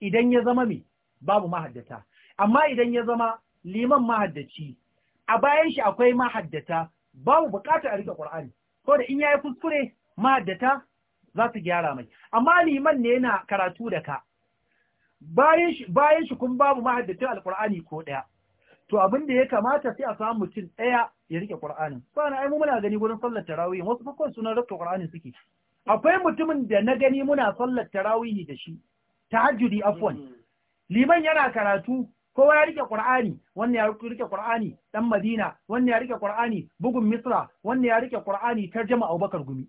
idan ya zama mai babu mahaddata amma idan ya zama liman mahaddaci a bayan shi akwai mahaddata babu bukatar a rika Qur'ani ko da in yayi kuskure mahaddata za su gyara mai amma liman ne yana karatu da ka bayan shi bayan shi kun babu mahaddacin alqur'ani ko daya to abin da ya kamata sai a samu mutum daya ya rike Qur'anin kana ai mu muna gani gurin sallar tarawih wasu fakon sunan rike Qur'anin suke akwai mutumin da na gani muna sallar tarawih da shi tahajjudi afwan mm. liman yana karatu kowa ya rike Qur'ani wannan ya rike Qur'ani dan Madina wannan ya rike Qur'ani bugun Misra wannan ya rike Qur'ani tarjuma Abubakar Gumi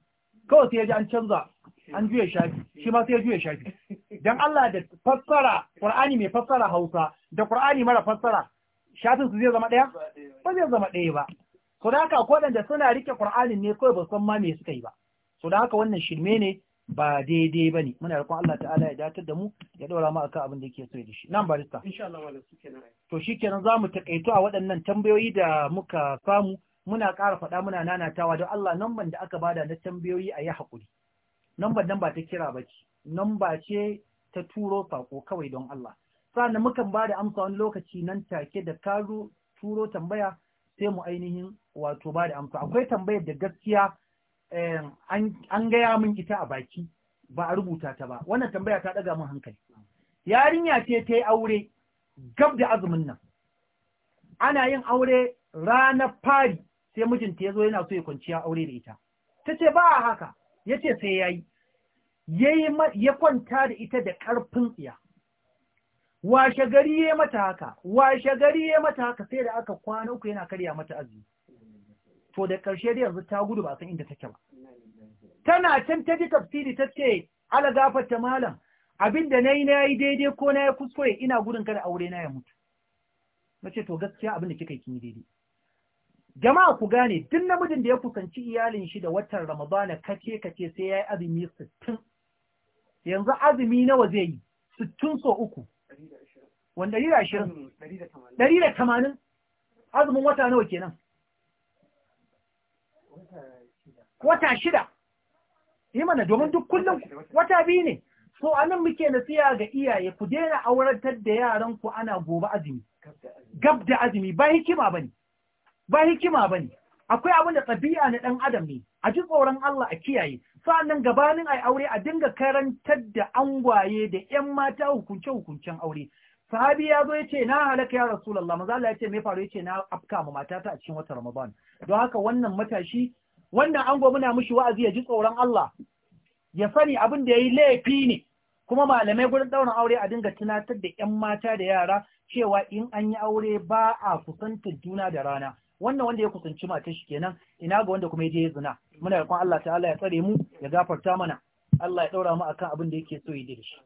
kawai sai ya ji an canza an juya shafi shi ma sai ya juya shafi dan Allah da fassara Qur'ani mai fassara Hausa da Qur'ani mara fassara shafin su zai zama daya ba zai zama daya ba so da haka ko suna rike Qur'anin ne kawai ba san ma me suka yi ba so da haka wannan shirme ne ba daidai ba ne muna roƙon Allah ta'ala ya datar da mu ya ɗora mu akan abin da yake so ya dishi nan barista insha Allah wala suke nan to shikenan za mu takaito a waɗannan tambayoyi da muka samu muna ƙara faɗa muna nanatawa don Allah namban da aka bada na tambayoyi a yi haƙuri namban nan ba ta kira ba ce namba ce ta turo sako kawai don Allah sannan mukan ba da amsa wani lokaci nan take da karo turo tambaya sai mu ainihin wato ba da amsa akwai tambayar da gaskiya Eh, an gaya min ita a baki ba a rubuta ta ba wannan tambaya ta daga min hankali yarinya ce ta yi aure gab da azumin nan ana yin aure ranar fari sai mijinta ya zo yana so ya kwanciya aure da ita ta ce ba a haka ya ce sai ya yi ya kwanta da ita da ƙarfin tsiya washe gari ya mata haka washe gari ya mata haka sai da aka kwana uku yana karya mata azumi to da ƙarshe da yanzu ta gudu ba san inda take ba tana can ta ji tafsiri ta ce ala gafarta malam abin da nayi nayi daidai ko nayi kuskure ina gudun kada aure na ya mutu nace to gaskiya abin da kika yi kin daidai jama'a ku gane duk namijin da ya kusanci iyalin shi da watan ramadana kace kace sai yayi azumi 60 yanzu azumi nawa zai yi 60 so uku wanda 120 180 azumin wata nawa kenan wata shida yi mana domin duk kullum wata biyu ne so anan muke nasiya ga iyaye ku daina auratar da yaran ku ana gobe azumi gab da azumi ba hikima bane ba hikima bane akwai abin da tabi'a na dan adam ne a ji tsoron Allah a kiyaye sa'annan gabanin ai aure a dinga karantar da angwaye da 'yan mata hukunce hukuncen aure sahabi ya zo ya ce na halaka ya rasu Maza Allah ya ce me faru ya ce na afka ma matata a cikin watan ramadan don haka wannan matashi wannan ango muna mushi wa'azi ya ji tsoron Allah ya sani abin da ya yi laifi ne kuma malamai gurin daura aure a dinga tunatar da 'yan mata da yara cewa in an yi aure ba a kusantar juna da rana wannan wanda ya kusanci mata shi kenan ina ga wanda kuma ya je ya zina muna roƙon Allah ta'ala ya tsare mu ya gafarta mana Allah ya daura mu akan abin da yake so ya da shi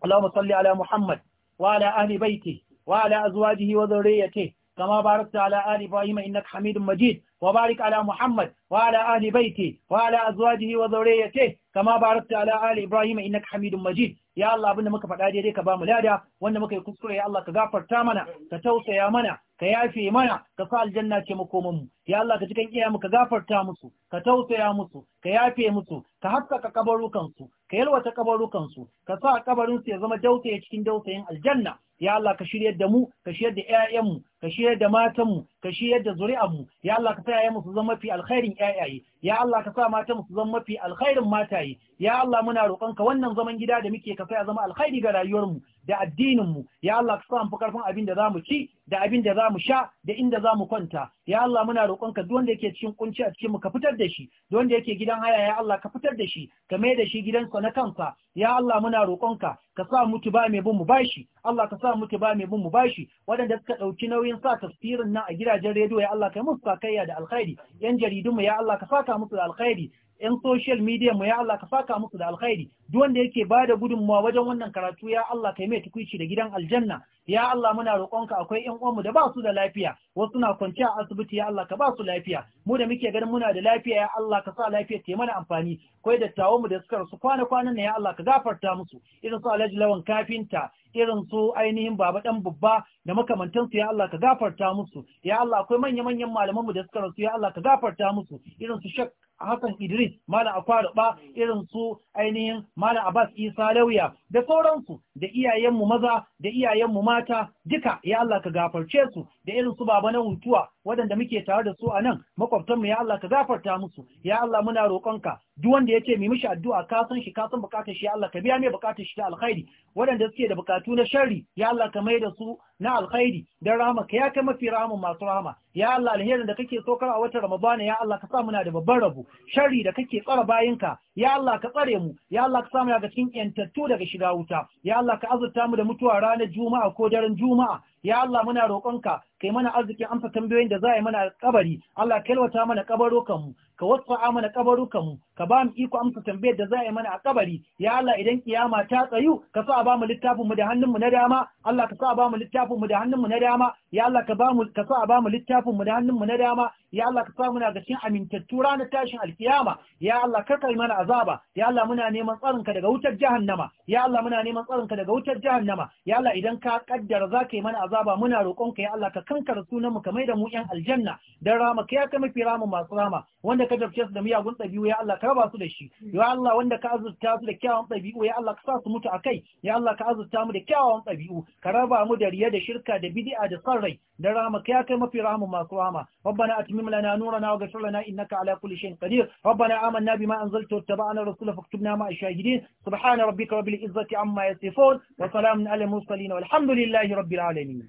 Allahumma salli ala Muhammad وعلى أهل بيته وعلى أزواجه وذريته كما باركت على آل إبراهيم إنك حميد مجيد وبارك على محمد وعلى آل بيته وعلى أزواجه وذريته كما باركت على آل إبراهيم إنك حميد مجيد ya Allah abinda muka faɗa daidai ka ba mu lada wanda muka yi kuskure ya Allah ka gafarta mana ka tausaya mana ka yafe mana ka sa aljanna ce mu mu ya Allah ka cikin mu ka gafarta musu ka tausaya musu ka yafe musu ka haskaka kabarukan ka yalwata kabarukansu ka sa kabarin su ya zama dausaye cikin dausayin aljanna ya Allah ka shiryar da mu ka shirya da ƴaƴanmu ka shirya da matanmu ka shirya da zuri'anmu ya Allah ka sa ƴaƴanmu su zama mafi alkhairin ƴaƴaye ya Allah ka sa matanmu su zama mafi alkhairin mataye ya Allah muna roƙonka wannan zaman gida da muke ka sa ya zama alkhairi ga rayuwarmu da addininmu ya Allah ka samu karfin abin da zamu ci da abin da zamu sha da inda zamu kwanta ya Allah muna roƙonka duk wanda yake cikin kunci a cikin mu ka fitar da shi duk wanda yake gidan haya ya Allah ka fitar da shi ka mai da shi gidansa na kansa ya Allah muna roƙonka ka sa mutu ba mai bin mu bashi Allah ka sa mutu ba mai bin mu bashi waɗanda suka ɗauki nauyin sa tafsirin nan a gidajen rediyo ya Allah kai musu sakayya da alkhairi yan jaridunmu ya Allah ka saka musu da alkhairi 'yan social media mu ya Allah ka saka musu da alkhairi duk wanda yake ba da gudunmuwa wajen wannan karatu ya Allah kai mai tukuici da gidan aljanna ya Allah muna roƙonka akwai ƴan uwanmu da ba su da lafiya wasu na kwanciya a asibiti ya Allah ka ba su lafiya mu da muke ganin muna da lafiya ya Allah ka sa lafiya ta mana amfani kai dattawan mu da suka rasu kwana kwanan ya Allah ka gafarta musu irin su Alhaji Lawan kafinta irin su ainihin baba dan babba da makamantansu ya Allah ka gafarta musu ya Allah akwai manya manyan malamanmu da suka rasu ya Allah ka gafarta musu irin su Sheikh hakan Idris, Malam Afaruɓa, irin su ainihin Malam Abbas Isa Lauya, da sauransu, da iyayenmu maza, da iyayenmu mata, duka ya Allah ka gafarce su, da irin su baba na hutuwa, waɗanda muke tare da su a nan, makwabtanmu ya Allah ka gafarta musu, ya Allah muna roƙonka, duk wanda ya ce mai mishi addu'a ka san shi, ka san bukatar shi, ya Allah ka biya mai bukatar shi ta alkhairi, waɗanda suke da bukatu na sharri, ya Allah ka mai da su na alkhairi, don rahama ka ya kai mafi Rahama masu rahama, ya Allah alherin da kake so kar a watan Ramadana, ya Allah ka sa muna da babban rabo. sharri da kake tsara bayinka ya Allah ka tsare mu ya Allah ka samu daga cikin yantattu daga shiga wuta ya Allah ka azurta mu da mutuwa ranar juma'a ko daren juma'a ya Allah muna roƙonka kai mana arzikin amsa tambayoyin da za a yi mana kabari Allah kalwata mana kabarukan mu ka wasa mana kabarukan mu ka ba mu iko amsa tambayar da za a yi mana a kabari ya Allah idan kiyama ta tsayu ka sa ba mu littafin mu da hannun mu na dama Allah ka sa ba mu littafin mu da hannun mu na dama ya Allah ka ba mu ka sa ba mu littafin mu da hannun mu na dama ya Allah ka sa muna ga cikin amintattu ranar tashin alkiyama ya Allah ka kai mana azaba ya Allah muna neman tsarin ka daga wutar jahannama ya Allah muna neman tsarin ka daga wutar jahannama ya Allah idan ka kaddara za ka yi mana azaba muna roƙonka ya Allah ka kankar sunan mu mai da mu ‘yan aljanna don rama ka ya kama fi rama masu rama wanda ka jarce su da miyagun ɗabi'u ya Allah ka raba su da shi ya Allah wanda ka azurta su da kyawun ɗabi'u ya Allah ka sa su mutu a kai ya Allah ka azurta mu da kyawawan ɗabi'u ka raba mu da riya da shirka da bid'a da son rai don rama ka ya kama rama masu rama rabbana atmim lana nurana wa ghfir lana innaka ala kulli shay'in qadir rabbana amanna bima anzalta wattaba'na rasula faktubna ma'a shahidin subhana rabbika rabbil izzati amma yasifun wa salamun ala mursalin والحمد لله رب العالمين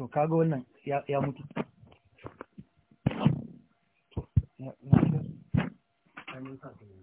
to kaga wannan ya mutu to